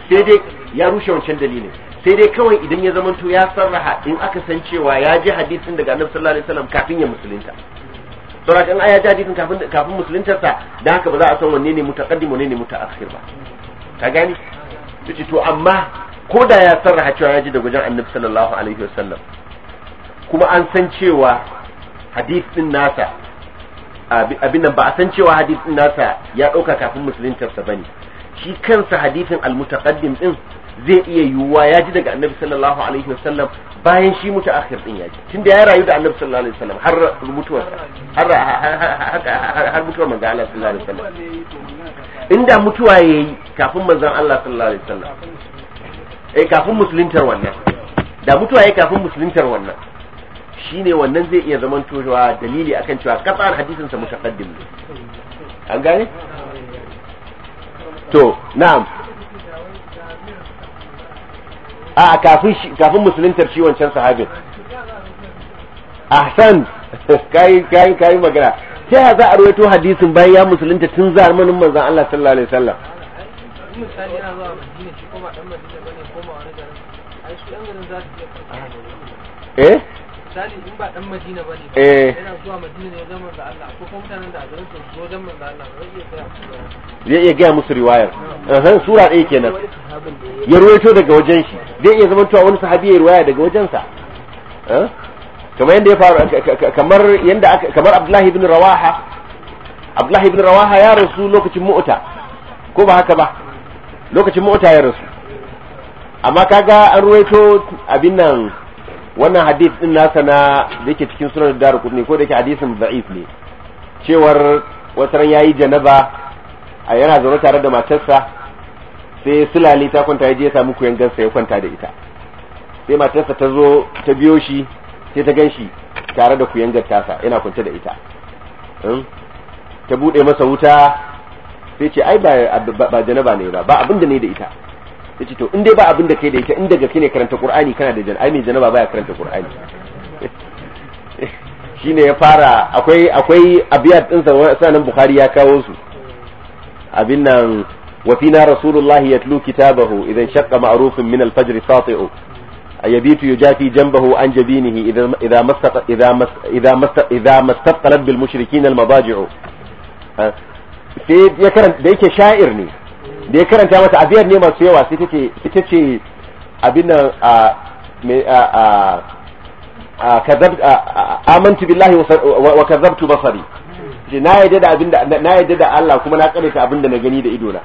sai dai ya rushe wancan dalilin sai dai kawai idan ya zamanto ya sarraha in aka san cewa ya ji hadisin daga annabi sallallahu alaihi wasallam kafin ya musulunta saboda kan ya ji hadisin kafin kafin musuluntarsa dan haka ba za a san wanne ne mutaqaddim wanne ne mutaakhir ba ka gani tace to amma ko da ya sarraha cewa ya ji daga wajen annabi sallallahu alaihi wasallam kuma an san cewa hadisin nasa abin nan ba a san cewa hadisin nasa ya dauka kafin musuluntarsa bane shi kansa hadithin al-mutaqaddim din zai iya yuwa ya ji daga annabi sallallahu alaihi wasallam bayan shi mutu akhir din ya ji tunda ya rayu da annabi sallallahu alaihi wasallam har mutuwar har har mutuwar manzo Allah sallallahu alaihi wasallam inda mutuwa yayi kafin manzo Allah sallallahu alaihi wasallam eh kafin musulunta wannan da mutuwa yayi kafin musulunta wannan shine wannan zai iya zaman tojowa dalili akan cewa kafar hadisin sa mutaqaddim ne an gane to na'am a kafin kafin musuluntar shi wancan sahabin ahsan *laughs* kai kai kai magana sai ya za a rawaito hadisin bayan ya musulunta tun zamanin manzon Allah sallallahu alaihi wasallam eh misali in ba dan Madina bane eh yana zuwa Madina ne zaman da Allah ko kuma mutanen da zan zo dan manzo Allah zai iya gaya musu riwayar eh sura ɗaya kenan ya ruwaito daga wajen shi zai iya zama cewa wani sahabi ya riwaya daga wajen sa eh? kamar yadda ya faru kamar yadda kamar Abdullahi ibn Rawaha Abdullahi ibn Rawaha ya rasu lokacin mu'uta ko ba haka ba lokacin mu'uta ya rasu amma kaga an ruwaito abin nan wannan hadith din nasa na da yake cikin sunan darqutni ko da yake hadisin da'if ne cewar wata ran yayi janaba a yana zaune tare da matarsa sai sulali ta kwanta ya je ya samu kuyan gansa ya kwanta da ita sai matarsa ta zo ta biyo shi sai ta ganshi tare da kuyan tasa yana kwance da ita hmm? ta bude masa wuta sai ce ai ba janaba ne ba ba abin ne da ita yace to in dai ba abin da kai da yake in daga kai ne karanta qur'ani kana da janaba ai mai janaba baya karanta qur'ani *laughs* shine ya fara akwai akwai abiyat din sa sanan bukhari ya kawo su abin nan wa fina rasulullahi yatlu kitabahu idan shaqqa ma'rufun min al-fajr sati'u يبيت يجافي جنبه عن جبينه إذا إذا مستق إذا مست idan مست إذا مستقلت بالمشركين المضاجع sai ya karanta da yake sha'ir ne da ya karanta mata abiyar ne masu yawa sai ta ce abin nan a manci billahi wa kazabtu basari na yadda da Allah kuma na karanta abinda na gani da idona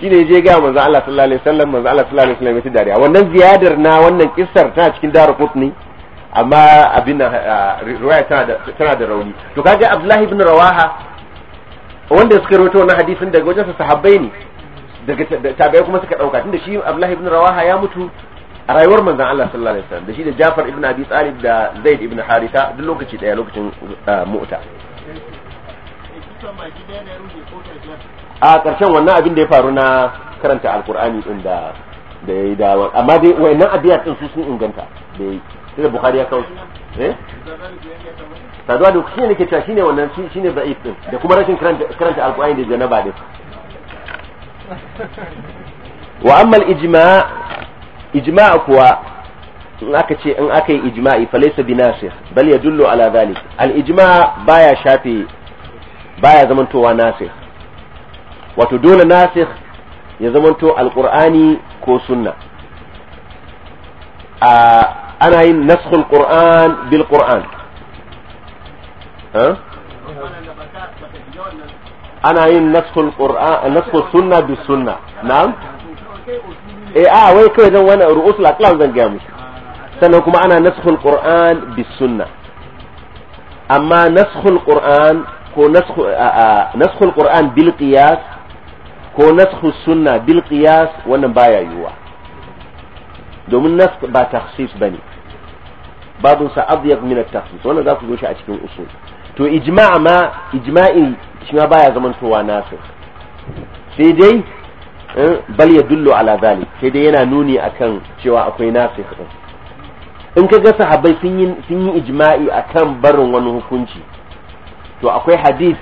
shi ne je gaya manzan Allah sallallahu alaihi wasallam manzo Allah sallallahu alaihi wasallam ya tidariya wannan ziyadar na wannan kissar tana cikin daru ne amma abin nan ruwaya tana da tana da rauni to kaga Abdullahi ibn Rawaha wanda suka rawaito wannan hadisin daga wajen sahabbai ne daga tabi'ai kuma suka dauka tunda shi Abdullahi ibn Rawaha ya mutu a rayuwar manzon Allah sallallahu alaihi wasallam da shi da Jafar ibn Abi Talib da Zaid ibn Haritha duk lokaci daya lokacin Mu'ta a karshen wannan abin da ya faru na karanta alkur'ani din da da yayi da amma dai wayannan abiya din su sun inganta da yayi sai da Bukhari ya kawo eh saduwa da shi ne ke cewa shine wannan shine da'if din da kuma rashin karanta alkur'ani da janaba din *laughs* wa ammal ijma' ijma' kuwa in aka ce in aka yi ijma'i fa laysa nasikh bal yadullu ala dhalik al ijma' baya shafi baya zamantowa nasir wato dole nasir ya zamanto alqur'ani ko sunna a ana yin naskhul qur'an bil qur'an ana yin naskul qur'an naskul sunna bi sunna na'am eh a wai kai zan wani ru'usul aqlam zan ga musu sannan kuma ana naskul qur'an bi sunna amma naskul qur'an ko naskul qur'an bil qiyas ko naskul sunna bil qiyas wannan baya yiwuwa domin nask ba takhsis bane babu sa adyaq min at-takhsis wannan za ku zo shi a cikin usul to ijma'a ma ijma'i shi ma baya zamantowa nasu sai dai eh, bal ya dullo ala zalik sai dai yana nuni akan cewa akwai nasu in ka ga sahabbai sun yi sun yi ijma'i akan barin wani hukunci to akwai hadith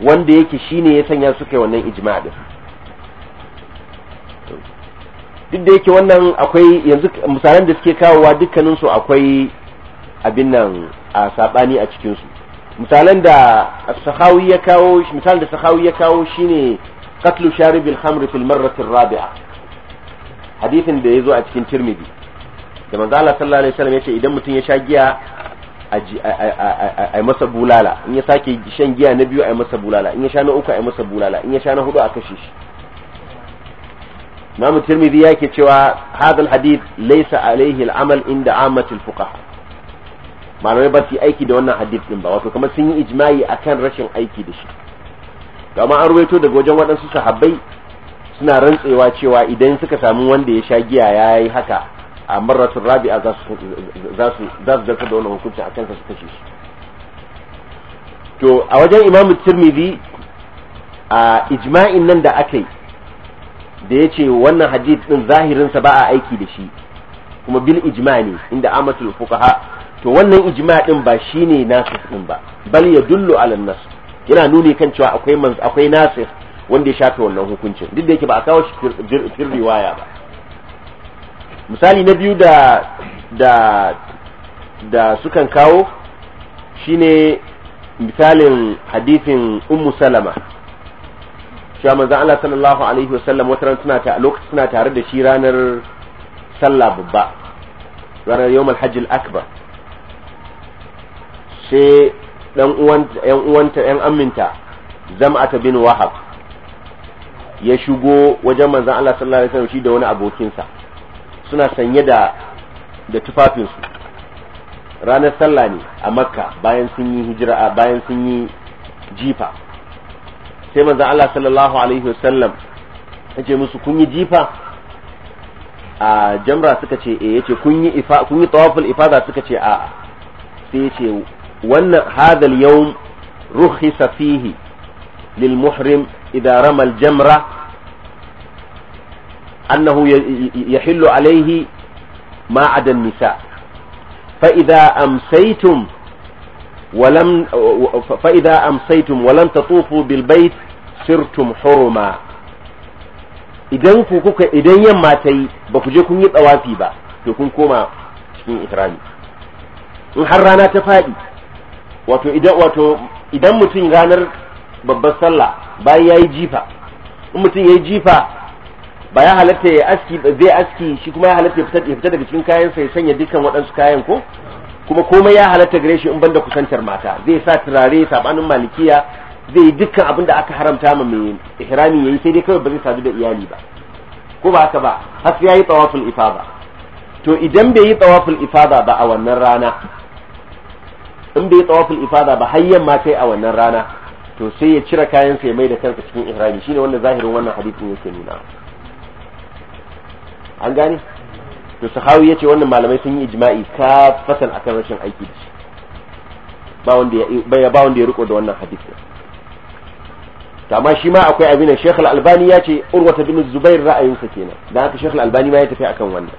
wanda yake shine ya sanya suka yi wannan ijma'a din duk da yake wannan akwai yanzu misalan da suke kawowa dukkaninsu akwai abin nan a sabani a cikin su misalan da sahawi ya kawo misalan da sahawi ya kawo shine qatlu sharibil khamr fil marrati rabi'a hadithin da yazo a cikin tirmidhi da manzo Allah sallallahu alaihi wasallam yace idan mutum ya sha giya ai masa bulala in ya sake shan giya na biyu ai masa bulala in ya sha na uku ai masa bulala in ya sha na hudu a kashe shi Imam Tirmidhi yake cewa hadal hadith laysa alayhi al-amal inda ammatil fuqaha malamai ba su yi aiki da wannan hadith din ba wato kuma sun yi ijma'i akan rashin aiki da shi amma an ruwaito daga wajen waɗansu sahabbai suna rantsewa cewa idan suka samu wanda ya sha giya ya yi haka a marratun rabi'a za su zarta da wannan hukuncin a kansa su kashe shi to a wajen imamu tirmidhi a ijma'in nan da aka yi da ya ce wannan hadith din zahirinsa ba a aiki da shi kuma bil ijma ne inda amatul fuqaha to wannan ijma din ba shine nasikh din ba bal yadullu ala nas yana nuni kan cewa akwai manzo akwai nasikh wanda ya shafe wannan hukuncin duk da yake ba a kawo shi riwaya ba misali na biyu da da da sukan kawo shine misalin hadithin ummu salama cewa manzo Allah sallallahu alaihi wasallam wata suna ta lokacin suna tare da shi ranar sallah babba ranar yawmal hajjil akbar sai dan uwanta yan uwanta yan aminta zam'ata bin wahab ya shigo wajen manzon Allah sallallahu alaihi wasallam shi da wani abokinsa suna sanye da da tufafinsu ranar sallah ne a makka bayan sun yi hijira bayan sun yi jifa sai manzon Allah sallallahu alaihi wasallam ya ce musu kun yi jifa a jamra suka ce eh yace kun yi ifa kun yi tawaful ifada suka ce a'a sai ya ce وأن هذا اليوم رخص فيه للمحرم إذا رمى الجمرة أنه يحل عليه ما عدا النساء فإذا أمسيتم ولم فإذا أمسيتم ولم تطوفوا بالبيت صرتم حرما إذا كوكا إذا يما تي بكوجيكم يبقى وافي با تكون كوما في إحرامي إن حرانا wato idan mutum ranar babbar sallah bayan yayi jifa in mutum yayi jifa ba ya halatta ya aski zai aski shi kuma ya halatta ya fita daga cikin kayan sa ya sanya dukkan waɗansu kayan ko kuma komai ya halatta gare shi in banda kusantar mata zai sa turare sabanin malikiya zai yi dukkan abin da aka haramta ma mai ihrami yayi sai dai kawai ba zai sadu da iyali ba ko ba haka ba har sai yayi tawaful ifada to idan bai yi tawaful ifada ba a wannan rana in bai tsawafin ifada ba har yamma kai a wannan rana to sai ya cire kayan sa ya mai da kansa cikin ihrami shine wanda zahirin wannan hadisin yake nuna an gane to sahawi yace wannan malamai sun yi ijma'i fasal akan rashin aiki da shi ba wanda ya ba wanda ya riko da wannan hadisin to amma shi ma akwai abin da Sheikh Al-Albani ya ce Urwata bin Zubair ra'ayinsa kenan dan haka Sheikh Al-Albani ma ya tafi akan wannan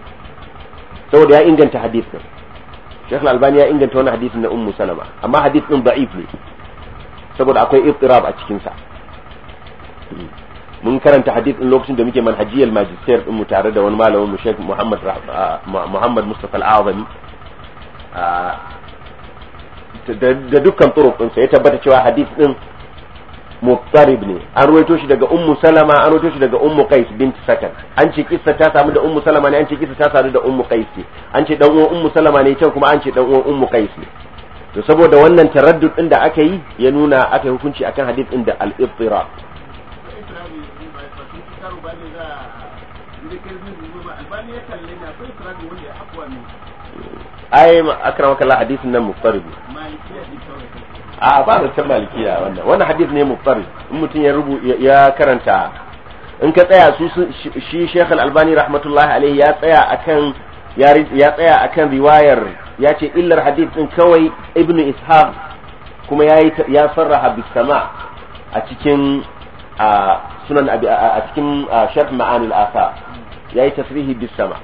saboda ya inganta hadisin Sheikh Al-Albani ya inganta wani hadisin na Ummu Salama amma hadis din da'if ne saboda akwai iftirab a cikin sa mun karanta hadis din lokacin da muke manhajiyal magister din mu tare da wani malamin mu Sheikh Muhammad Muhammad Mustafa Al-Azami da dukkan turuq sa ya tabbata cewa hadis din muqtarib ne an ruwaito shi daga ummu salama an ruwaito shi daga ummu qais bint sakan an ce kissa ta samu da ummu salama ne an ce kissa ta samu da ummu qais ne an ce dan uwan ummu salama ne can kuma an ce dan uwan ummu qais ne to saboda wannan taraddud din da aka yi ya nuna aka yi hukunci akan hadith din da al-ibtirab ai akramaka Allah hadithin nan muqtarib ne a ba zancen malikiya wannan wannan hadith ne muftari in mutum ya rubu ya karanta in ka tsaya su shi Sheikh Al-Albani rahmatullahi alaihi ya tsaya akan ya tsaya akan riwayar ya ce illar hadith din kawai Ibn Ishaq kuma ya ya sarraha bisama a cikin sunan a cikin Sheikh Ma'anil Asa yayi tasrihi bisama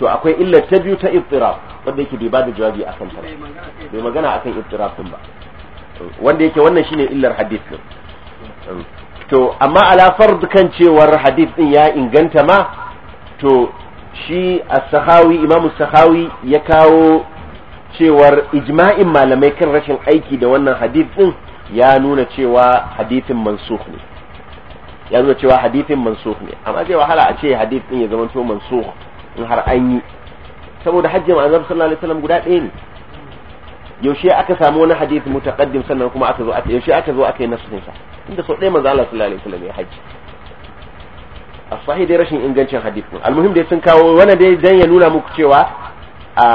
to akwai illar ta biyu ta iftiraf wanda yake bai da jawabi akan ta bai magana akan iftiraf din ba wanda yake wannan shine illar hadith din mm. to amma ala fard kan cewar hadith din ya inganta ma to shi as-sahawi imamu sahawi ya kawo cewar ijma'in malamai kan rashin aiki da wannan hadith din ya nuna cewa hadithin mansukh ne ya nuna cewa hadithin mansukh ne amma zai wahala a ce hadith din ya zama to mansukh in har an yi saboda hajjin annabi sallallahu alaihi wasallam guda ɗaya ne yaushe aka samu wani hadith mutaqaddim sannan kuma aka zo aka yaushe aka zo aka yi nasrin sa inda sau ɗaya manzo Allah sallallahu alaihi wasallam ya haji a sahi rashin ingancin hadith din almuhim dai sun kawo wani dai dan ya nuna muku cewa a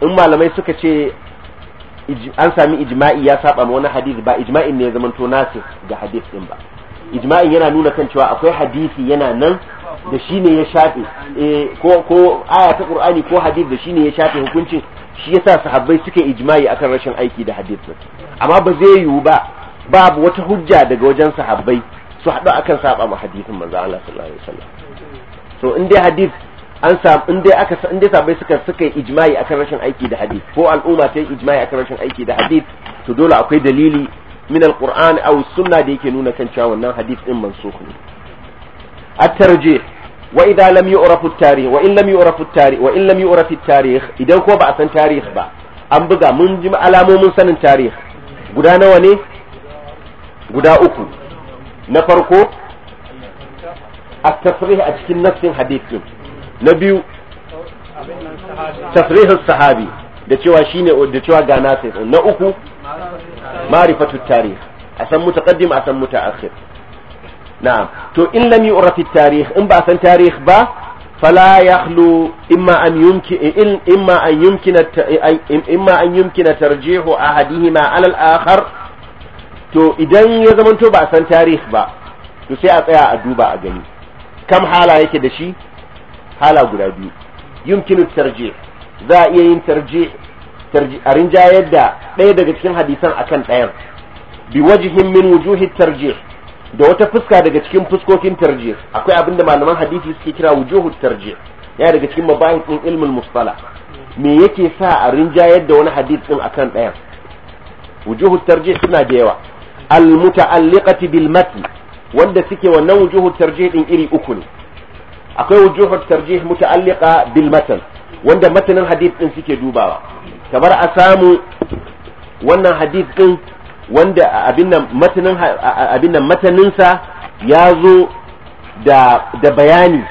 in malamai suka ce an sami ijma'i ya saba ma wani hadith ba ijma'in ne ya zamanto nasu ga hadith din ba ijma'in yana nuna kan cewa akwai hadisi yana nan da shi ya shafe eh, ko aya ta qur'ani ko hadith da shi ne ya shafe hukuncin shi yasa sahabbai yi ijma'i akan rashin aiki da hadith hadisin amma ba zai yiwu ba babu wata hujja daga wajen sahabbai su hadu akan saba ma hadithin manzo Allah sallallahu alaihi wasallam so in dai hadith an samu in dai aka in dai sahabbai suka suka ijma'i akan rashin aiki da hadith ko al'umma ta yi ijma'i akan rashin aiki da hadith to dole akwai dalili min al-ƙur'ani aw sunna da yake nuna kan cewa wannan hadith din mansukh ne at-tarjih wa idza lam yu'rafu at idan ko ba a san tarihi ba an buga mun ji alamomin sanin tarihi guda nawa ne guda uku na farko a cikin nassin hadithin na biyu tasrih sahabi da cewa shine da cewa ga nasai na uku ma'rifatu at a san mutaqaddim a san mutaakhir na'am to in lam yu'raf at-tarikh in ba san tarikh ba fala yakhlu imma an in imma an yumkina imma an yumkina tarjihu ahadihima ala al-akhar to idan ya zamanto ba san tarikh ba to sai a tsaya a duba a gani kam hala yake da shi hala guda biyu yumkinu tarjih za a iya yin tarjih a rinjayar da ɗaya daga cikin hadisan akan ɗayan bi wajihin min wujuhi tarjih da wata fuska daga cikin fuskokin tarji akwai abinda malaman hadisi suke kira wujuhu tarji ya daga cikin mabahith din ilmul mustalah me yake sa a rinjayar da wani hadith din akan daya. wujuhu tarji suna da yawa al muta'alliqati bil matn wanda suke wannan wujuhu tarji din iri uku ne akwai wujuhut tarji muta'alliqa bil matn wanda matanin hadith din suke dubawa kamar a samu wannan hadith din wanda abin nan mataninsa ya zo da bayani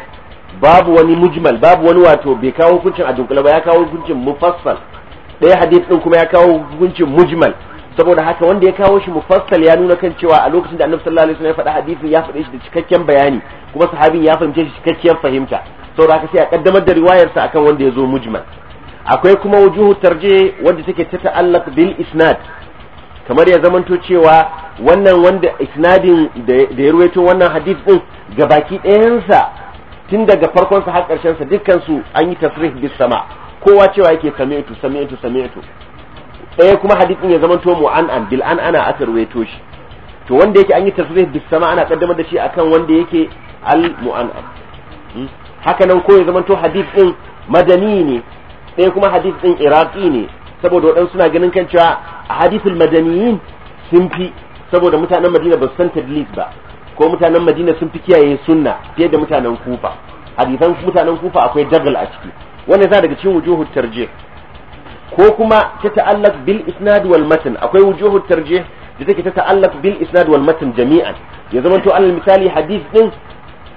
babu wani mujmal babu wani wato bai kawo hukuncin a ba ya kawo hukuncin mufassal ɗaya hadith din kuma ya kawo hukuncin mujmal saboda haka wanda ya kawo shi mufassal ya nuna kan cewa a lokacin da annabi sallallahu alaihi wasallam ya faɗa hadisin ya faɗe shi da cikakken bayani kuma sahabin ya fahimce shi cikakken fahimta saboda haka sai a kaddamar da sa akan wanda ya zo mujmal akwai kuma wujuhu tarje wanda take ta ta'allaq bil isnad kamar ya zamanto cewa wannan wanda isnadin da ya ruwaito wannan hadith din ga baki ɗayansa tun daga farkon sa har dukkan su an yi tasrih bis sama kowa cewa yake sami'tu sami'tu sami'tu ɗaya kuma hadith din ya zamanto an bil ana aka ruwaito shi to wanda yake an yi tasrih bis sama ana kaddamar da shi akan wanda yake al mu'an'an hmm? haka nan ko ya zamanto hadith din madani ne ɗaya kuma hadith din iraqi ne saboda waɗansu suna ganin kan cewa a hadithul madaniyin sun fi saboda mutanen madina ba san tadlis ba ko mutanen madina sun fi kiyaye sunna fiye da mutanen kufa hadisan mutanen kufa akwai dagal a ciki wannan yana daga cikin wujuhut tarjih ko kuma ta ta'allaq bil isnad wal matn akwai wujuhut tarjih da take ta ta'allaq bil isnad wal matn jami'an ya zama to alal misali hadith din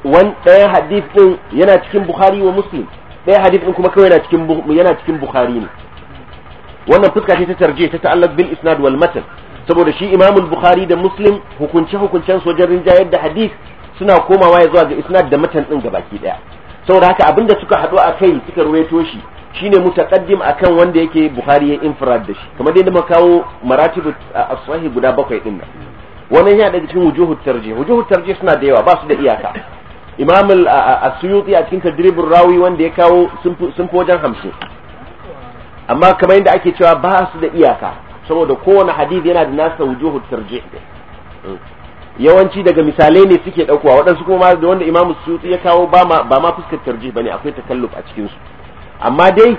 wan daya hadith din yana cikin bukhari wa muslim daya hadith din kuma kawai yana cikin yana cikin bukhari ne wannan fuska ce ta tarje ta ta'allaq bil isnad wal matan saboda shi imam bukhari da muslim hukunce hukuncen sojan rinjayar da hadith suna komawa ya zuwa ga isnad da matan din gabaki daya saboda haka abinda suka haɗu a kai suka ruwaito shi shine mutaqaddim akan wanda yake bukhari ya infrad da shi kamar dai da muka kawo maratib as-sahih guda bakwai din nan wannan yana daga cikin wujuhut tarjih wujuhut tarjih suna da yawa ba su da iyaka imam al-suyuti a cikin tadribur rawi wanda ya kawo sun fi wajen hamsin amma kamar yadda ake cewa ba su da iyaka saboda kowane hadith yana da nasa wujuhu tarjih hmm. yawanci daga misalai ne suke ɗaukowa waɗansu kuma da wanda imamu suyuti ya kawo ba ma fuskar ne akwai takalluf a cikinsu. amma dai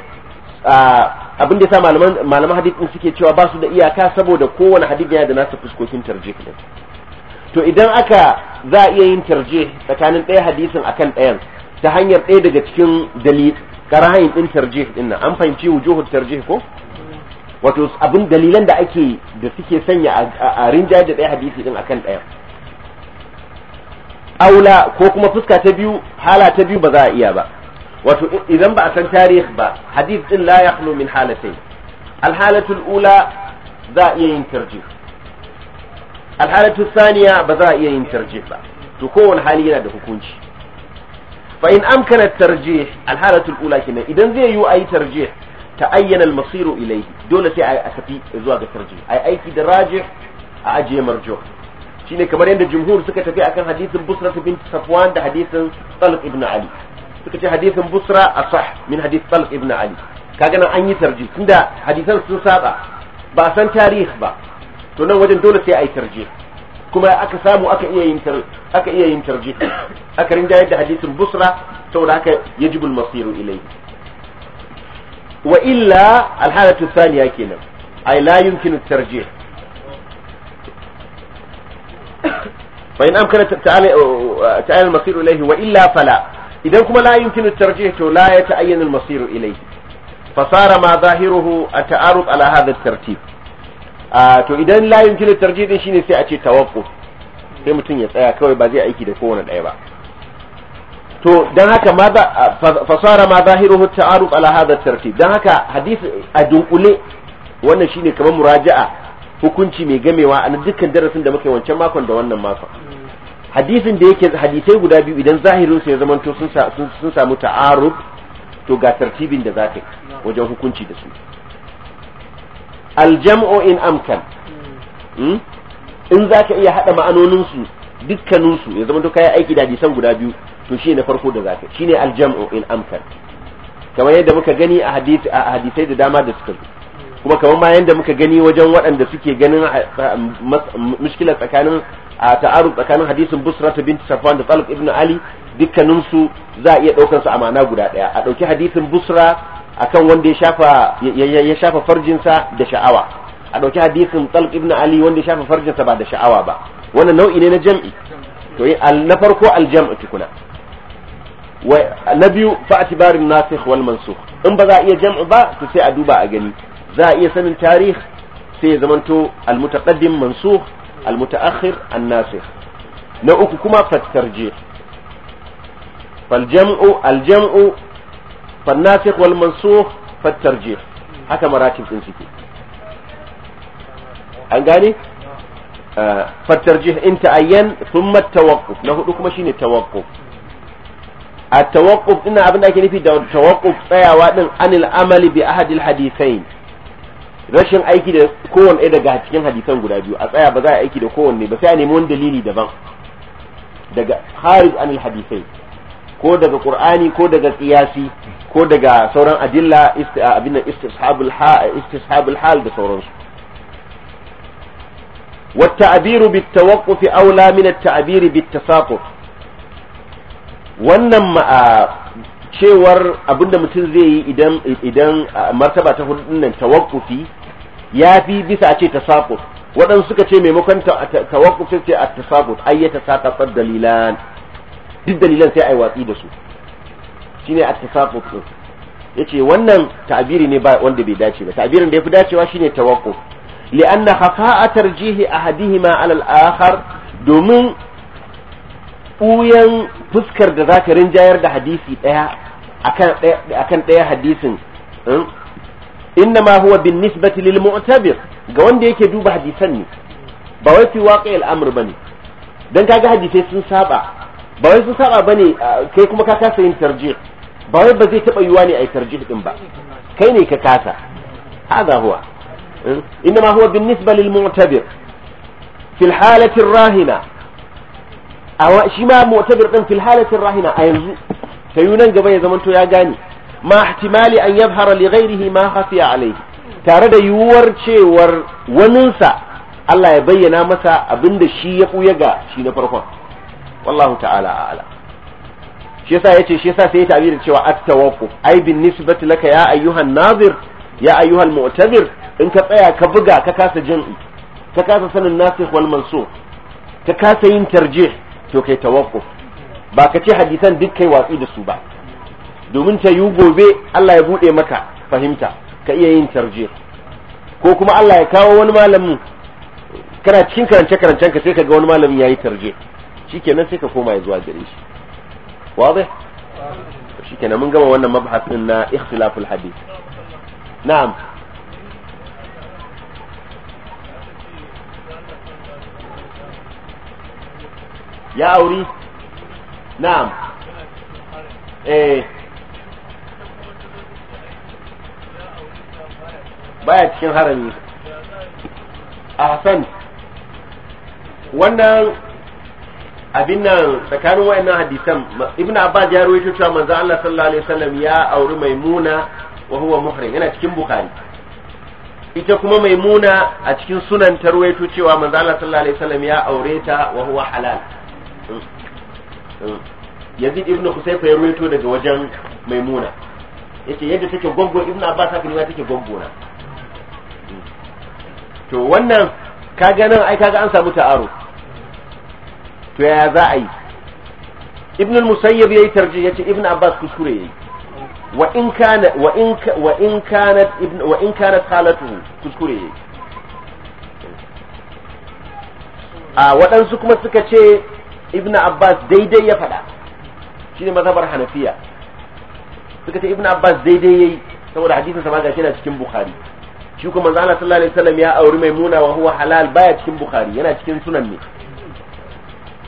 abin da yasa malaman malaman hadith suke cewa ba su da iyaka saboda kowane hadith yana da nasa fuskokin tarjih to idan aka za a iya yin tarjih tsakanin ɗaya hadisin akan ɗayan ta hanyar ɗaya daga cikin dalil karahin din tarjih din an fahimci wujuhul tarjih ko wato abin dalilan da ake da suke sanya a rinjaye da ɗaya hadisi din akan ɗaya aula ko kuma fuska ta biyu hala ta biyu ba za a iya ba wato idan ba a san tarih ba hadis din la yakhlu min halatayn alhalatu alula za a iya yin tarjih alhalatul thaniya ba za a iya yin tarjih ba to kowane hali yana da hukunci fa in amkana tarjih alhalatul ula kenan idan zai yi ayi tarjih ta ayyana almasiru ilayhi dole sai a tafi zuwa ga tarjih ai aiki da rajih a ajiye marjuh shine kamar yadda jumhur suka tafi akan hadisin busra bin safwan da hadisin talq ibn ali suka ce hadisin busra asah min hadis talq ibn ali kaga nan an yi tarjih tunda hadisan sun saba ba san tarihi ba to nan wajen dole sai ayi tarjih kuma aka samu aka iya yin aka iya yin tarjih aka rinda yadda hadisin busra saboda haka yajibu al masiru ilayhi wa illa al-halatu thaniya kenan ay la yumkinu at-tarjih fa in amkana ta'ala ta'ala al masiru ilayhi wa illa fala idan kuma la yumkinu at-tarjih to la yata'ayyanu al masiru ilayhi fa sara ma zahiruhu at-ta'arud ala hadha هذا tartib to idan la yumkinu tarjih shine sai a ce tawaqquf sai mutum ya tsaya kawai ba zai aiki da kowane ɗaya ba to dan haka ma za fasara ma zahiruhu ta'aruf ala hadha tartib dan haka hadisi a dunkule wannan shine kamar muraja'a hukunci mai gamewa a dukkan darasin da muka yi wancan makon da wannan makon hadisin da yake hadisai guda biyu idan zahirin su ya zamanto sun samu ta'aruf to ga tartibin da zaka wajen hukunci da su aljam'u in amkan hmm? in za ka iya haɗa ma'anoninsu dukkaninsu ya zama to kayan aiki da hadisan guda biyu to shi na farko da zaka shine aljam'u in amkan kamar yadda muka gani a hadisai da dama da suka kuma kamar ma yadda muka gani wajen waɗanda suke ganin mushkilar tsakanin a ta'aruf tsakanin hadisin busra ta binti safwan da talib ibn ali dukkaninsu za a iya ɗaukansu a ma'ana guda ɗaya a ɗauki hadisin busra akan wanda ya shafa ya shafa farjinsa da sha'awa a ɗauki hadisin talq ibn ali wanda ya shafa farjinsa ba da sha'awa ba wannan nau'i ne na jam'i to eh, na farko aljam'u tukuna na biyu fa atibarin nasikh wal mansukh in ba za a iya jam'i ba to sai a duba a gani za a iya sanin tarih sai ya zamanto al mutaqaddim mansukh al mutaakhir an nasikh na uku kuma fa tarjih fal fannasikh wal mansukh fa tarjih haka maratib din suke an gane fa tarjih in ta'ayyan thumma tawaqquf na hudu kuma shine tawaqquf a tawaqquf ina abin da ake nufi da tawaqquf tsayawa din anil amali bi ahadi al hadithain rashin aiki da kowanne daga cikin hadisan guda biyu a tsaya ba za a aiki da kowanne ba sai a nemi wani dalili daban daga harij anil hadisai ko daga kur'ani ko daga qiyasi ko daga sauran adilla abin da istishabul hal da sauransu والتعبير aula mina من التعبير بالتساقط wannan cewar abinda mutum zai yi idan idan martaba ta hudu nan tawaqqufi yafi bisa ce tasaqut waɗansu suka ce maimakon tawaqquf sai at ayyata ay yatasaqat dalilan duk dalilan sai ai watsi da su shine at-tasaqut yace wannan ta'biri ne ba wanda bai dace ba ta'birin da yafi dacewa shine tawaqquf li'anna khafa'a tarjihi ahadihima 'ala al-akhar domin ɓuyan fuskar da zaka rinjayar da hadisi daya akan akan daya hadisin hmm? inna ma huwa bin nisbati lil mu'tabir ga wanda yake duba hadisan ne ba wai fi waqi al-amr bane dan kaga hadisai sun saba ba kai kuma ka kasa yin tarjih ba wai ba zai taɓa yiwa ne a ɗin ba kai ne ka kasa haza huwa hmm? inma huwa بالنسبه للمعتبر في الحاله rahina awa shi ma mu'tabir din fil halatin rahina a yanzu ta yi nan gaba ya zamanto ya gane ma ihtimali an yabhara li ghairihi ma khafiya alayhi tare da yiwuwar cewar waninsa Allah ya bayyana masa abinda shi ya kuya ga shi na farkon wallahu ta'ala shi yasa yace shi yasa sai ya tabi cewa at-tawaqquf ai bin nisbati laka ya ayyuhan nazir ya ayyuhal mu'tazir in ka tsaya ka buga ka kasa jin'i ka kasa sanin nasikh wal mansukh ka kasa yin tarjih to kai tawaqquf ba ka ce hadisan duk kai watsi da su ba domin ta yi gobe Allah ya bude maka fahimta ka iya yin tarjih ko kuma Allah ya kawo wani malamin kana cikin karance karancen ka sai ka ga wani malamin yayi tarjih shikenan sai ka koma ya zuwa gare shi واضح shikenan mun gama wannan mabhas din na ikhtilaful hadith na'am ya auri na'am eh baya cikin harami ahsan wannan abin nan tsakanin wayannan hadisan ibn abbas ya rawaito cewa manzo Allah sallallahu alaihi wasallam ya auri maimuna wa huwa muhrim yana cikin bukhari ita kuma maimuna a cikin sunan ta rawaito cewa manzo Allah sallallahu alaihi wasallam ya aure ta wa huwa halal mm. Mm. yazid ibn husayfa ya rawaito daga wajen maimuna yace yadda take gongo ibn abbas haka ne take gongo na mm. to wannan kaga nan ai kaga an samu ta'aruf to yaya za a yi ibn al-musayyib yayi tarjih yace ibn abbas kuskure yayi wa in kana wa in wa in kanat ibn wa in kanat yayi a waɗansu kuma suka ce ibn abbas daidai ya faɗa shine mazhabar hanafiya suka ce ibn abbas daidai yayi saboda hadisin sa ga shi na cikin bukhari shi kuma manzo Allah sallallahu alaihi wasallam ya auri maimuna wa huwa halal baya cikin bukhari yana cikin sunan ne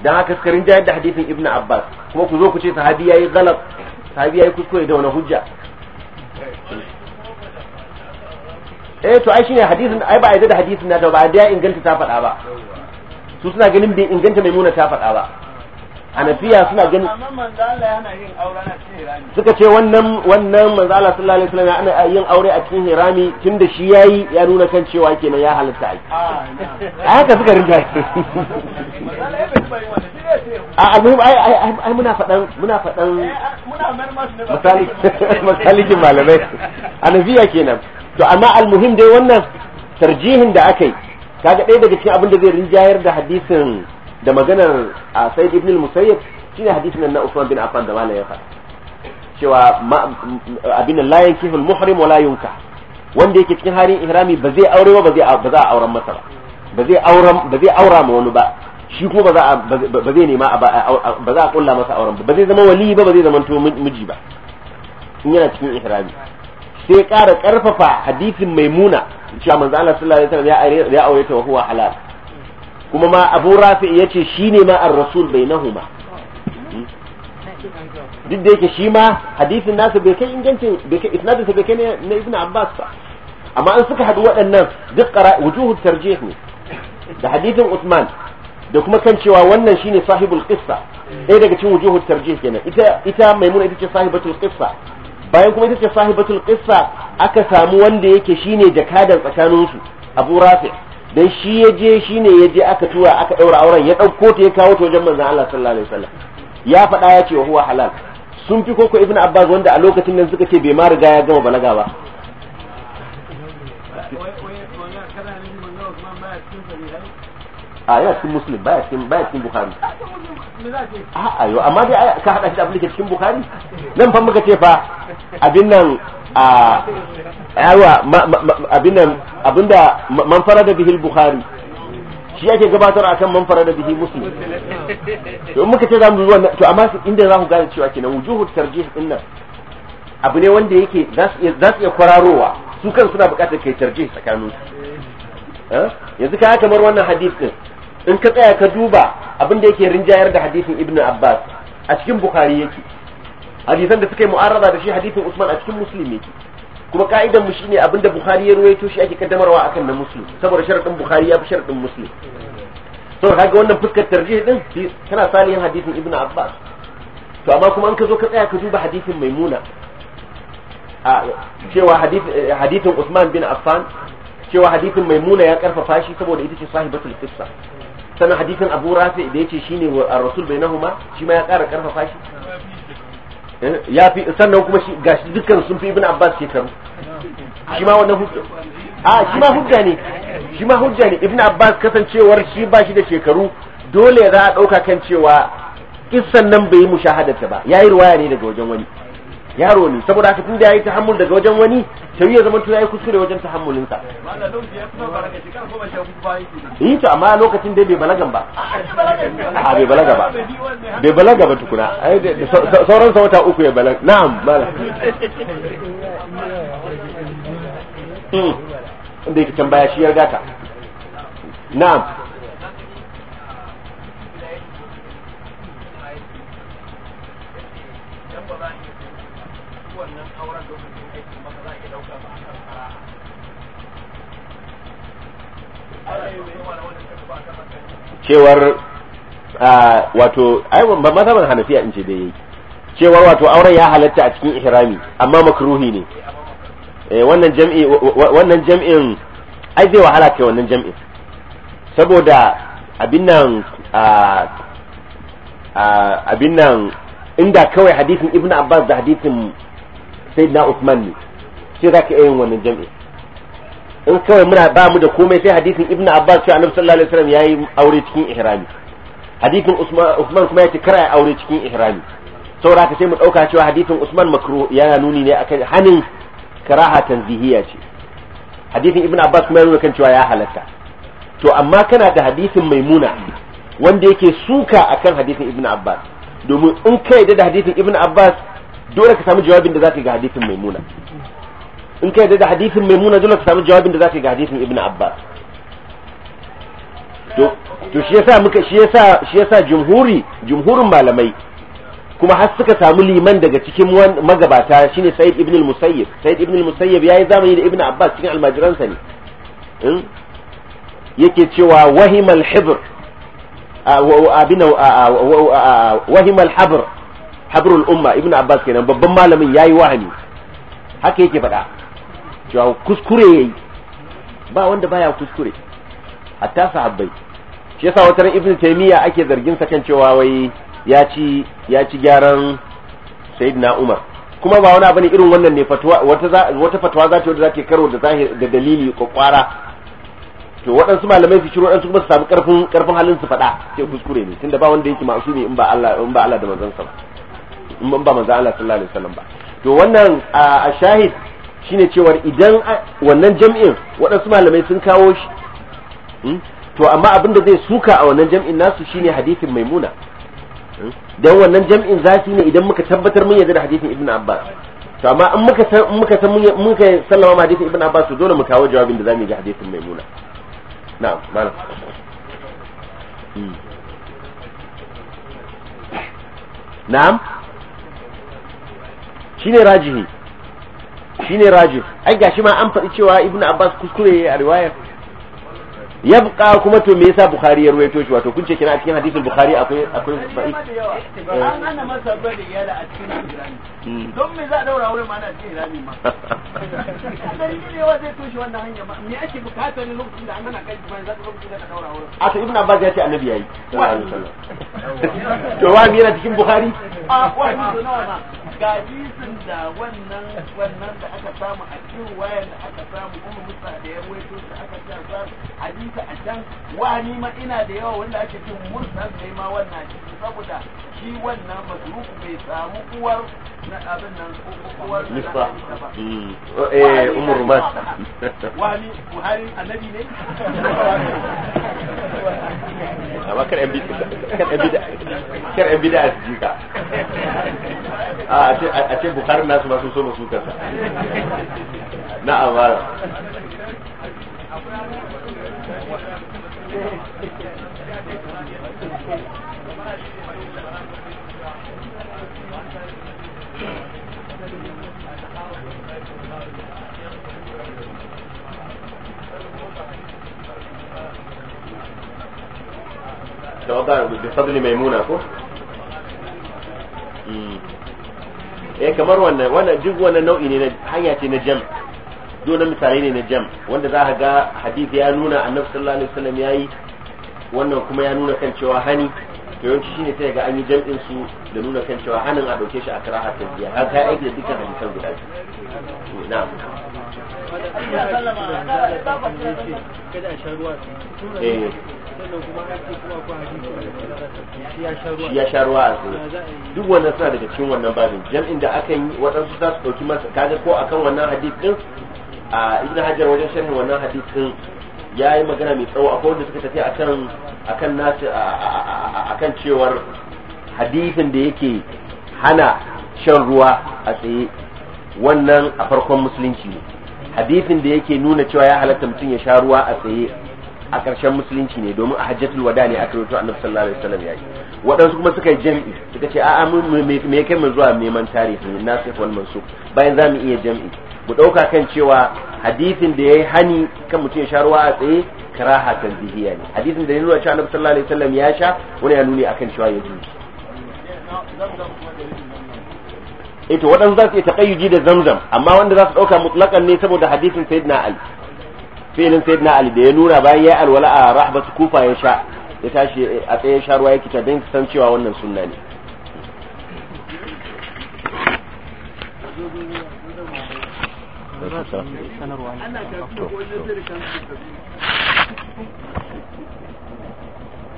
dan haka suka rinjayar da hadisin ibnu abbas kuma ku zo ku ce sahabi yayi galab sahabi yayi kuskure da wani hujja eh to ai shine hadisin ai ba a yadda da hadisin na da ba da inganta ta faɗa ba su suna ganin bai inganta maimuna ta faɗa ba Anafiya suna ganin suka ce wannan wannan manzo Allah sallallahu alaihi wasallam ana yin aure a cikin hirami tunda shi yayi ya nuna kan cewa kenan ya halatta ai ah, a haka suka rinja a almuhim ai ai ai muna fadan muna fadan eh, misali *laughs* malamai anafiya kenan to amma almuhim dai wannan tarjihin da akai kaga ɗaya daga cikin abin da zai rinjayar da hadisin da maganar a sai ibn al-Musayyib shine hadisin nan na Usman bin Affan da malai ya faɗa cewa abin la yankihu al-muhrim wa la wanda yake cikin harin ihrami ba zai aure ba ba zai ba za a auren masa ba ba zai auren ba zai aura ma wani ba shi kuma ba za a ba zai nema ba za a kulla masa auren ba ba zai zama wali ba ba zai zama to miji ba in yana cikin ihrami sai ƙara ƙarfafa hadisin maimuna cewa manzo Allah sallallahu alaihi wasallam ya aure ta wa huwa halal kuma ma abu rafi ya ce shi ne ma an rasul bai na huma duk da yake shi ma hadisin nasu bai kai ingancin isnadinsa bai kai na ibn abbas ba amma an suka haɗu waɗannan duk ƙara wujuhu tarjih ne da hadisin usman da kuma kan cewa wannan shine sahibul qissa ɗaya daga cikin wujuhu tarjih kenan ita ita maimuna ita ce sahibatul qissa bayan kuma ita ce sahibatul qissa aka samu wanda yake shine jakadan tsakaninsu abu rafi' dan shi ya je shi ne ya je aka tura aka ɗaura auren ya ɗauko ta ya kawo ta wajen manzan Allah sallallahu alaihi wasallam ya faɗa ya ce wa huwa halal sun fi koko ibn abbas wanda a lokacin nan suka ce bai ma riga ya gama balaga ba a ah, yana cikin muslim baya cikin baya cikin bukhari ah, a ah, ayo amma dai ka hada shi da abin da cikin bukhari nan fa muka ce fa abin nan a yawa abin nan abinda man da bihil bukhari shi yake gabatar akan man da bihil muslim to muka ce zamu zuwa to amma inda za ku gane cewa kenan wujuhu tarjih din nan abu ne wanda yake za su iya kwararowa su kan suna bukatar kai tarjih tsakaninsu eh? yanzu ka kamar wannan hadith din in ka tsaya ka duba abin da yake rinjayar da hadisin ibn abbas a cikin bukhari yake hadisan da suka yi mu'arraba da shi hadisin usman a cikin Musulmi yake kuma ka'idan mu shine abinda bukhari ya ruwaito shi ake kaddamarwa akan na muslim saboda sharadin bukhari ya fi sharadin muslim saboda kaga wannan fuskar tarjih din tana salihin hadisin ibn abbas to amma kuma in ka zo ka tsaya ka duba hadisin maimuna a cewa hadisin usman bin affan cewa hadisin maimuna ya karfafa shi saboda ita ce sahibatul qissa sannan hadisin abu rafi da yace shine wa rasul bainahuma shi ma ya ƙara karfafa shi eh, ya fi sannan kuma shi gashi dukkan sun fi ibn abbas shekaru shi ma wannan hujja a shi ma hujja ne shi ma hujja ne ibn abbas kasancewar shi ba shi da shekaru dole za a ɗauka kan cewa kissan nan bai yi mushahadata ba yayi riwaya ne daga wajen wani yaro ne saboda haka tunda yayi tahammul daga wajen wani sai ya zama to yayi kuskure wajen tahammulin sa yi eh to amma lokacin dai bai balagan ba a ah, bai balaga ba bai balaga ba tukuna sauran sa wata uku ya balaga na'am malam inda hmm. yake tambaya shi ya gata na'am cewar wato ai ba mazhaban hanafiya in ce da yake cewar wato auren ya halatta a cikin ihrami amma makruhi ne eh wannan jam'i wannan jam'in ai zai wahala kai wannan jam'in saboda abin nan abin nan inda kawai hadisin ibnu abbas da hadisin sayyidina usman ne sai zaka yin wannan jam'in in kawai muna ba mu da komai sai hadisin ibn abbas cewa annabi sallallahu alaihi wasallam yayi aure cikin ihrami hadisin usman kuma yace kar a aure cikin ihrami saboda haka sai mu dauka cewa hadisin usman makru yana nuni ne akan hanin karaha tanzihiya ce hadisin ibn abbas kuma ya nuna kan cewa ya halatta to amma kana da hadisin maimuna wanda yake suka akan hadisin ibn abbas domin in ka yadda da hadisin ibn abbas dole ka samu jawabin da zaka ga hadisin maimuna in ka yadda da hadisin muna dole ka samu jawabin da za ka ga hadisin ibn abbas to shi yasa muka shi yasa shi yasa jumhuri jumhurin malamai kuma har suka samu liman daga cikin magabata shine Said ibn al-Musayyib Said ibn al-Musayyib yayi zamani da Ibn Abbas cikin almajiransa ne hmm? yake cewa wahimal hibr abin wahimal habr habrul umma Ibn Abbas kenan babban malamin yayi wahami haka yake faɗa cewa kuskure ya yi ba wanda baya kuskure hatta habbai shi yasa wata ran ibnu taymiya ake zargin sa kan cewa wai ya ci ya ci gyaran sayyidina umar kuma ba wani abin irin wannan ne fatwa wata wata fatwa za ta wanda zake karo da zahir da dalili kwakwara to waɗansu malamai su shiru waɗansu kuma su samu karfin karfin halin su faɗa sai kuskure ne tunda ba wanda yake ma'asumi in ba Allah in ba Allah da manzon sa ba in ba manzon Allah sallallahu alaihi wasallam ba to wannan a shahid shine cewar idan wannan jam'in waɗansu malamai sun kawo shi hmm? to amma abin da zai suka a wannan jam'in nasu shine hadisin maimuna hmm? dan wannan jam'in zafi ne idan muka tabbatar mun yarda da hadisin ibn abbas to amma in muka san muka san muka sallama ma hadithin ibn abbas to dole mu kawo jawabin da zamu yi ga hadithin maimuna na'am malam hmm. na'am shine rajihi shi ne rajih ai gashi ma an faɗi cewa ibnu abbas kuskure yayi a riwaya yabqa kuma to me yasa bukhari ya ruwaito shi wato kun ce kina a cikin hadisin bukhari akwai akwai sa'i an hana masa bari yala a cikin irani hmm. don me za a daura wurin mana a cikin irani ma *laughs* sai ne yawa zai toshe wannan hanya ma me ake bukata ne lokacin da an hana kai kuma za ka lokacin da ka daura wurin a to ibnu abbas ya ce annabi yayi *laughs* to wa yana cikin bukhari a wa ni nawa ma hadisin da wannan wannan da aka samu a cikin wayar da aka samu kuma musa da ya waito da aka sa a hadisi a can wa ni ma ina da yawa wanda ake cin mursa sai ma wannan cikin saboda shi wannan masruf bai samu uwar na abin nan uwar da ba mm. eh umur mas wani buhari annabi ne amma kar yan bida kar yan bida a jika a ah, a ce bukarin nasu ba sun so ba su kasa na amara توضع بفضل ميمونة eh kamar wannan wannan duk wannan nau'i ne na hanya ce na jam dole misali ne na jam wanda za ka ga hadisi ya nuna annabi sallallahu alaihi wasallam yayi wannan kuma ya nuna kan cewa hani yawanci shine sai ga an yi jam'in su da nuna kan cewa hanin a dauke shi a kira hatta biya har ta aiki da dukkan hadisan guda biyu na'am eh shi ya sha ruwa a tsaye duk wannan suna daga cikin wannan babin jam'in da aka yi waɗansu za su ɗauki masa kaga ko akan wannan hadith din a ibn hajar wajen sharhin wannan hadith din ya yi magana mai tsawo akwai wanda suka tafi akan akan nasu akan cewar hadithin da yake hana shan ruwa a tsaye wannan a farkon musulunci ne hadithin da yake nuna cewa ya halatta mutum ya sha ruwa a tsaye a ƙarshen musulunci ne domin a hajjatul wada ne aka rubuta annabi sallallahu alaihi wasallam yayi waɗansu kuma suka yi jam'i suka ce a'a mun me kai mu zuwa neman tarihi nasif wal mansuk bayan zamu iya jam'i mu ɗauka kan cewa hadisin da yayi hani kan mutum ya sha a tsaye karaha zihiya ne hadisin da ya nuna cewa annabi sallallahu alaihi wasallam ya sha wani ya nuni akan cewa ya juji ita eh, to waɗansu za su yi taƙayyuji da zamzam amma wanda za su ɗauka mutlaƙan ne saboda hadisin sayyidina ali filin sai ali da ya nuna bayan ya alwala a rahbatu kufa ya sha ya tashi a tsaye sha ruwa ya san cewa wannan sunna ne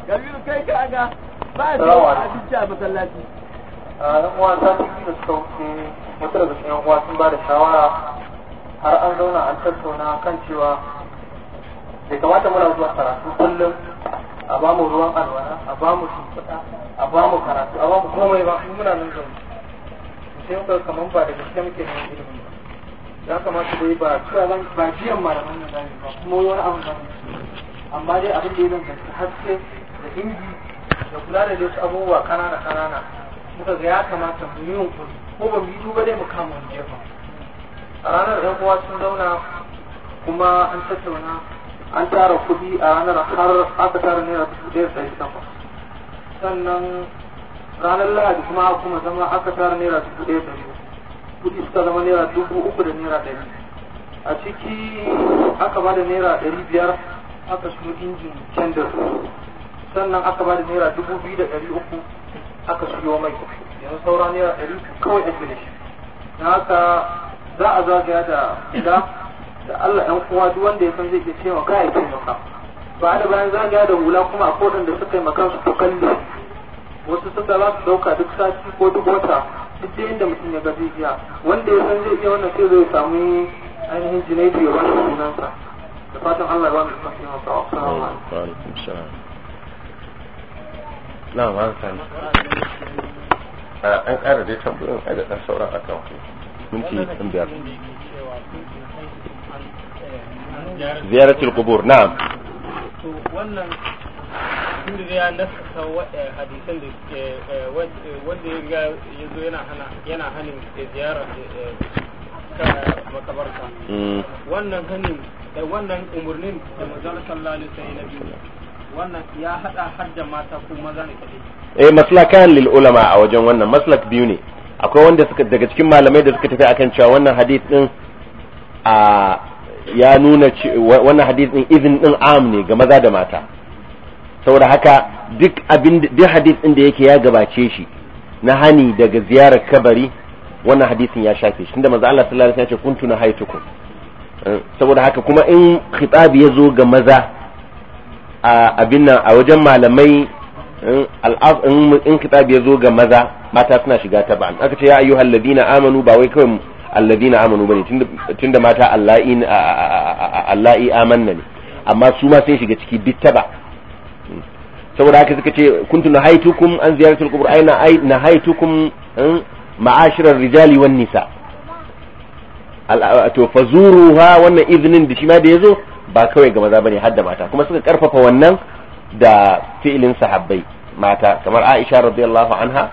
kabiru kai ka ba da yawa abinci masallaci yan ta da wata daga cikin sun ba da shawara har an zauna an tattauna kan cewa bai kamata muna zuwa karatu kullum a ba mu ruwan alwala a ba mu shimfiɗa a ba mu karatu a ba mu komai ba muna nan zaune sai muka kamar ba da gaske muke nan ilimi ba ya kamata dai ba cewa zan ba jiyan malaman nan zan ba kuma wani abu zan amma dai abin da ya zanta haske da inji da kula da wasu abubuwa kanana kanana muka ga ya kamata mu yi hunkuri ko ba mu yi duba dai mu kama wani jefa a ranar ɗan uwa sun zauna kuma an tattauna an tara kuɗi a ranar har aka tara naira dubu ɗaya da ɗari takwas sannan ranar lahadi kuma a kuma zama aka tara naira dubu ɗaya da ɗari kuɗi suka zama naira dubu uku da naira ɗari a ciki aka ba da naira ɗari biyar aka siyo injin kendir sannan aka ba da naira dubu biyu da ɗari uku aka siyo mai yanzu sauran naira ɗari kawai ake da shi don haka za a zagaya da gida da Allah ɗan kuma duk wanda ya san zai iya taimaka ya taimaka ba da bayan zagaya da hula kuma a kodin da suka yi maka su kalli wasu suka za su ɗauka duk sati ko duk wata duk da inda mutum ya ga iya wanda ya san zai iya wannan sai zai samu ainihin jinaitu ya wani sunansa da fatan Allah ya wani mafi masa wa salamu na'am ah, an sani an dai tambayoyin a da ɗan sauran akan minti ɗan biyar ziyaratul qubur na. to ziyarar makabarta wannan hanin eh, wannan ya hada har mata ko eh, ulama a wajen wannan maslak biyu ne akwai wanda daga cikin malamai da suka tafi akan cewa wannan hadith din a ah, ya nuna wannan hadisin din izin din am ne ga maza da mata saboda haka duk abin duk hadisin din da yake ya gabace shi na hani daga ziyarar kabari wannan hadisin ya shafe shi tunda manzo Allah sallallahu alaihi wasallam ya ce kuntu na haytukum eh, saboda haka kuma in khitabi ya zo ga maza a abin nan a wajen malamai in khitabi ya zo ga maza mata suna shiga ta ba'an aka ce ya ayyuhal ladina amanu ba wai kawai alladina amanu bane tunda mata allahi allahi amanna ne amma su ma sai shiga ciki bittaba hmm. saboda haka suka ce kuntu nahaitukum an ziyaratul qubur aina na nahaitukum hmm, rijali wan nisa to fazuruha wannan iznin da shi ma da yazo ba kawai ga maza bane har da mata kuma suka karfafa wannan da fi'ilin sahabbai mata kamar Aisha radiyallahu anha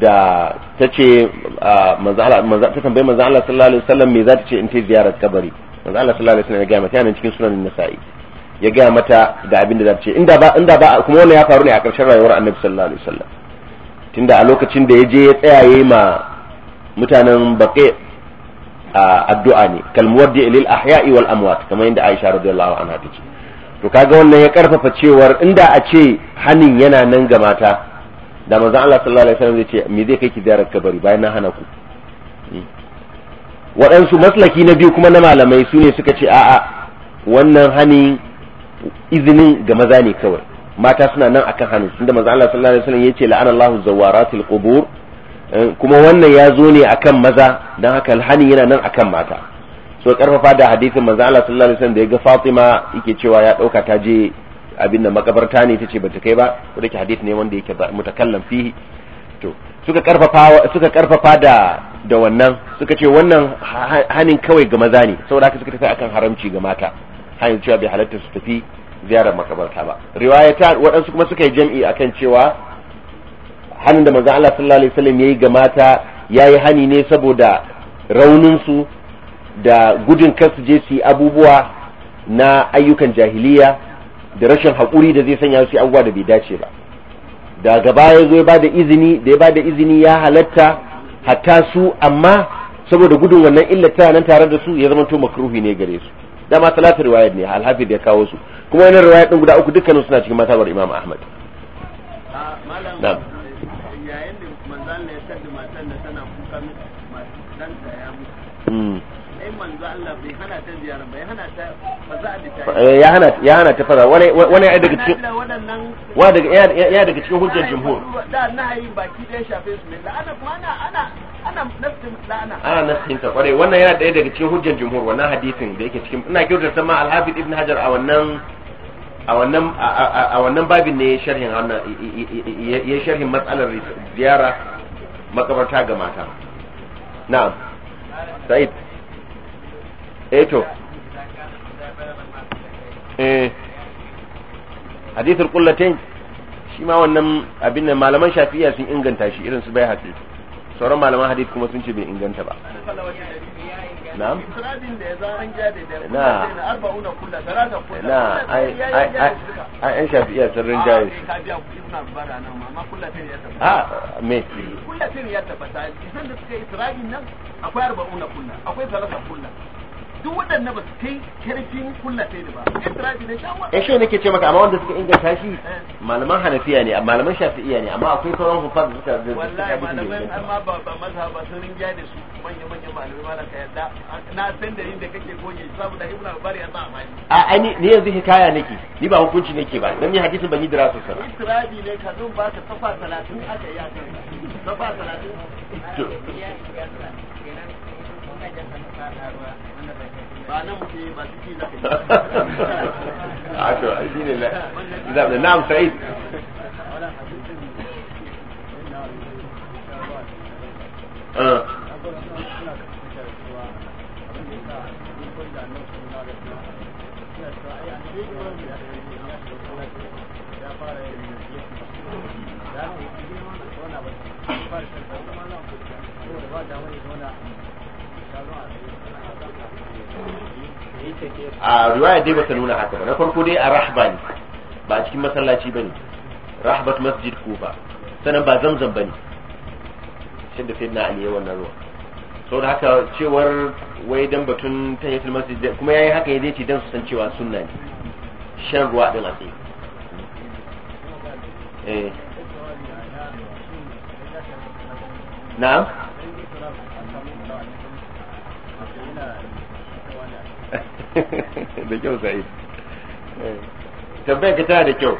da ta ce ta tambayi manzo Allah sallallahu alaihi wasallam me za ta ce in ta ziyarar kabari manzo Allah sallallahu alaihi wasallam ya ga mata yana cikin sunan nasa'i ya ga mata ga abin da za ta ce inda ba inda ba kuma wannan ya faru ne a ƙarshen rayuwar annabi sallallahu alaihi wasallam tunda a lokacin da ya je ya tsaya yayi ma mutanen baqi addu'a ne kalmuwaddi lil ahya'i wal amwat kamar yadda Aisha radiyallahu anha ta ce to kaga wannan ya karfafa cewar inda a ce hanin yana nan ga mata da manzo Allah sallallahu alaihi wasallam zai ce me zai kai ki ziyarar kabari bayan na hana ku hmm. waɗansu maslaki na biyu kuma na malamai su ne suka ce a'a wannan hani izinin ga maza ne kawai mata suna nan akan hannu tunda manzo Allah sallallahu alaihi wasallam yace la'ana Allahu zawaratil qubur eh, kuma wannan ya zo ne akan maza dan haka alhani yana nan akan mata so karfafa da hadisin manzo Allah sallallahu alaihi wasallam da ya ga Fatima yake cewa ya dauka ta je abin da makabarta ne tace bata kai ba ko dake hadith ne wanda yake mutakallam fihi to suka karfafa suka karfafa da da wannan suka ce wannan hanin kawai ga maza ne saboda haka suka tafi akan haramci ga mata hanin cewa bai halatta su tafi ziyarar makabarta ba riwayata waɗansu kuma suka yi jam'i akan cewa hanin da maza Allah sallallahu alaihi wasallam yayi ga mata yayi hani ne saboda raunin su da gudun kar su je su yi abubuwa na ayyukan jahiliya da rashin haƙuri da zai sanya su abubuwa da bai dace ba da gaba ya zo ya bada izini da ya bada izini ya halatta hatta su amma saboda gudun wannan illata nan tare da su ya zama to makruhi ne gare su dama salatu riwayat ne alhafi da ya kawo su kuma wannan riwayat din guda uku dukkanin suna cikin matabar imam ahmad ah, na'am yayin da manzon ya tada matan da tana kuka mata danta ya mutu hmm. sai manzo Allah bai hana ta ziyaran ba ya hana ta eh, fara wani ya daga cikin ya daga cikin hujjar jumhur ana ana ta kware wannan yana daya daga cikin hujjar jumhur wannan hadisin da yake cikin ina ta ma al ibn hajar a wannan babin ne sharhin ya sharhin matsalar ziyara makabarta ga mata na'am sa'id eh to eh hadithul qullatain shi ma wannan abin nan malaman shafi'iyya sun inganta shi irin su bai haƙi sauran malaman hadith kuma sun ce bai inganta ba na'am na na ai ai ai shafi'iyya sun rinjaye shi ah me tin ya tabbata idan da suka isra'in nan akwai arba'una kulla akwai salasa kulla duk waɗannan ba su kai karfin kulla sai ba ne eh nake ce maka amma wanda suka inganta shi malaman hanafiya ne malaman shafi'iya ne amma akwai sauran hufar da suka zai wallahi malaman amma ba ba mazhaba sun rinja da su manya manya malamai malam ka yadda na san da inda kake goge saboda ibnu al ya sa amani a ani ni yanzu hikaya nake ni ba hukunci nake ba dan ni hadisin ban yi dirasu sa itirafi ne ka zun ba ka safa 30 aka yi aka safa 30 to ba nan muke ba shi za ka Thank you. *laughs* *laughs* a riwaya dai bata nuna haka ba na farko dai a rahba ne ba a cikin masallaci ba ne rahbat masjid ba sannan ba zamzam ba ne shi da sayyidina ali wannan ruwa saboda haka cewar wai dan batun tahiyatul masjid kuma yayi haka yaje ce dan su san cewa sunna ne shan ruwa din a tsaye eh na'am *laughs* *laughs* da kyau sai eh. tambayar ka tana da kyau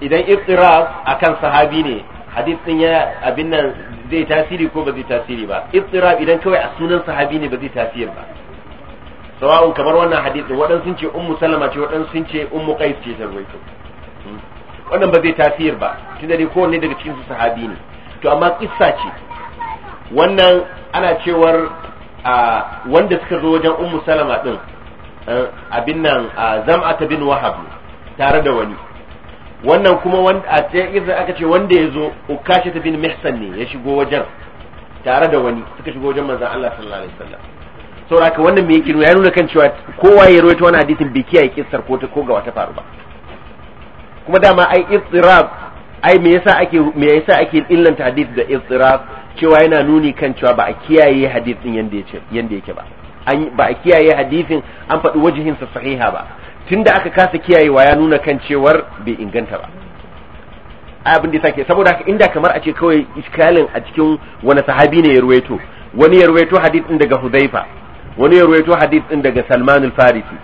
idan iftirab akan sahabi ne hadith din ya abin nan zai tasiri ko ba zai tasiri ba iftirab idan kawai a sunan sahabi ne ba zai tasiri ba sawa'un kamar wannan hadith din waɗansu sun ce ummu salama ce waɗansu sun ce ummu qais ce ta ruwaito hmm. wannan ba zai tasiri ba da dai kowanne daga cikin su sahabi ne to amma kissa ce wannan ana cewar ah, wanda suka zo wajen ummu salama din Eh, abin nan zam'a ta bin wahab tare da wani wannan kuma wanda a idan aka ce wanda ya zo ukasha ta bin mihsan ne ya shigo wajen tare da wani suka shigo wajen manzon Allah sallallahu alaihi wasallam saboda haka wannan me yake ya nuna kan cewa kowa ya rawaito wani hadisin bai kiyaye kissar ko ta ko ga wata faru ba kuma dama ai istirab ai me yasa ake me yasa ake illanta hadith da istirab cewa yana nuni kan cewa ba a kiyaye hadisin yanda yake yanda yake ba ba a kiyaye hadisin an faɗi sa sahiha ba tunda aka kasa kiyayewa ya nuna kan cewar bai inganta ba abin da sake saboda haka inda kamar a ce kawai iskalin a cikin wani sahabi ne ya ruwaito wani ya ruwaito hadith din daga Hudhaifa wani ya ruwaito hadith din daga Salman al-Farisi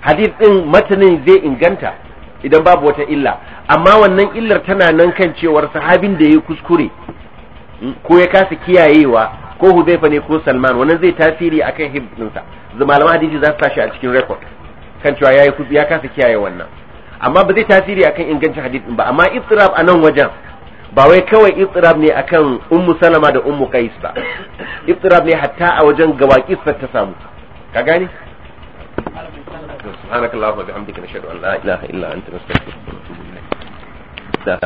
hadith din matanin zai inganta idan babu wata illa amma wannan illar tana nan kan cewar sahabin da ya kuskure hmm, ko ya kasa kiyayewa ko huzaifa ne ko salman wannan zai tasiri akan hibzinsa malama hadisi za su tashi a cikin record kan cewa yayi ya kasa kiyaye wannan amma ba zai tasiri akan ingancin hadisin ba amma istirab a nan wajen ba wai kawai istirab ne akan ummu salama da ummu qais ba istirab ne hatta a wajen gawaki ta samu ka gane سبحانك اللهم وبحمدك نشهد ان لا اله الا انت نستغفرك ونتوب اليك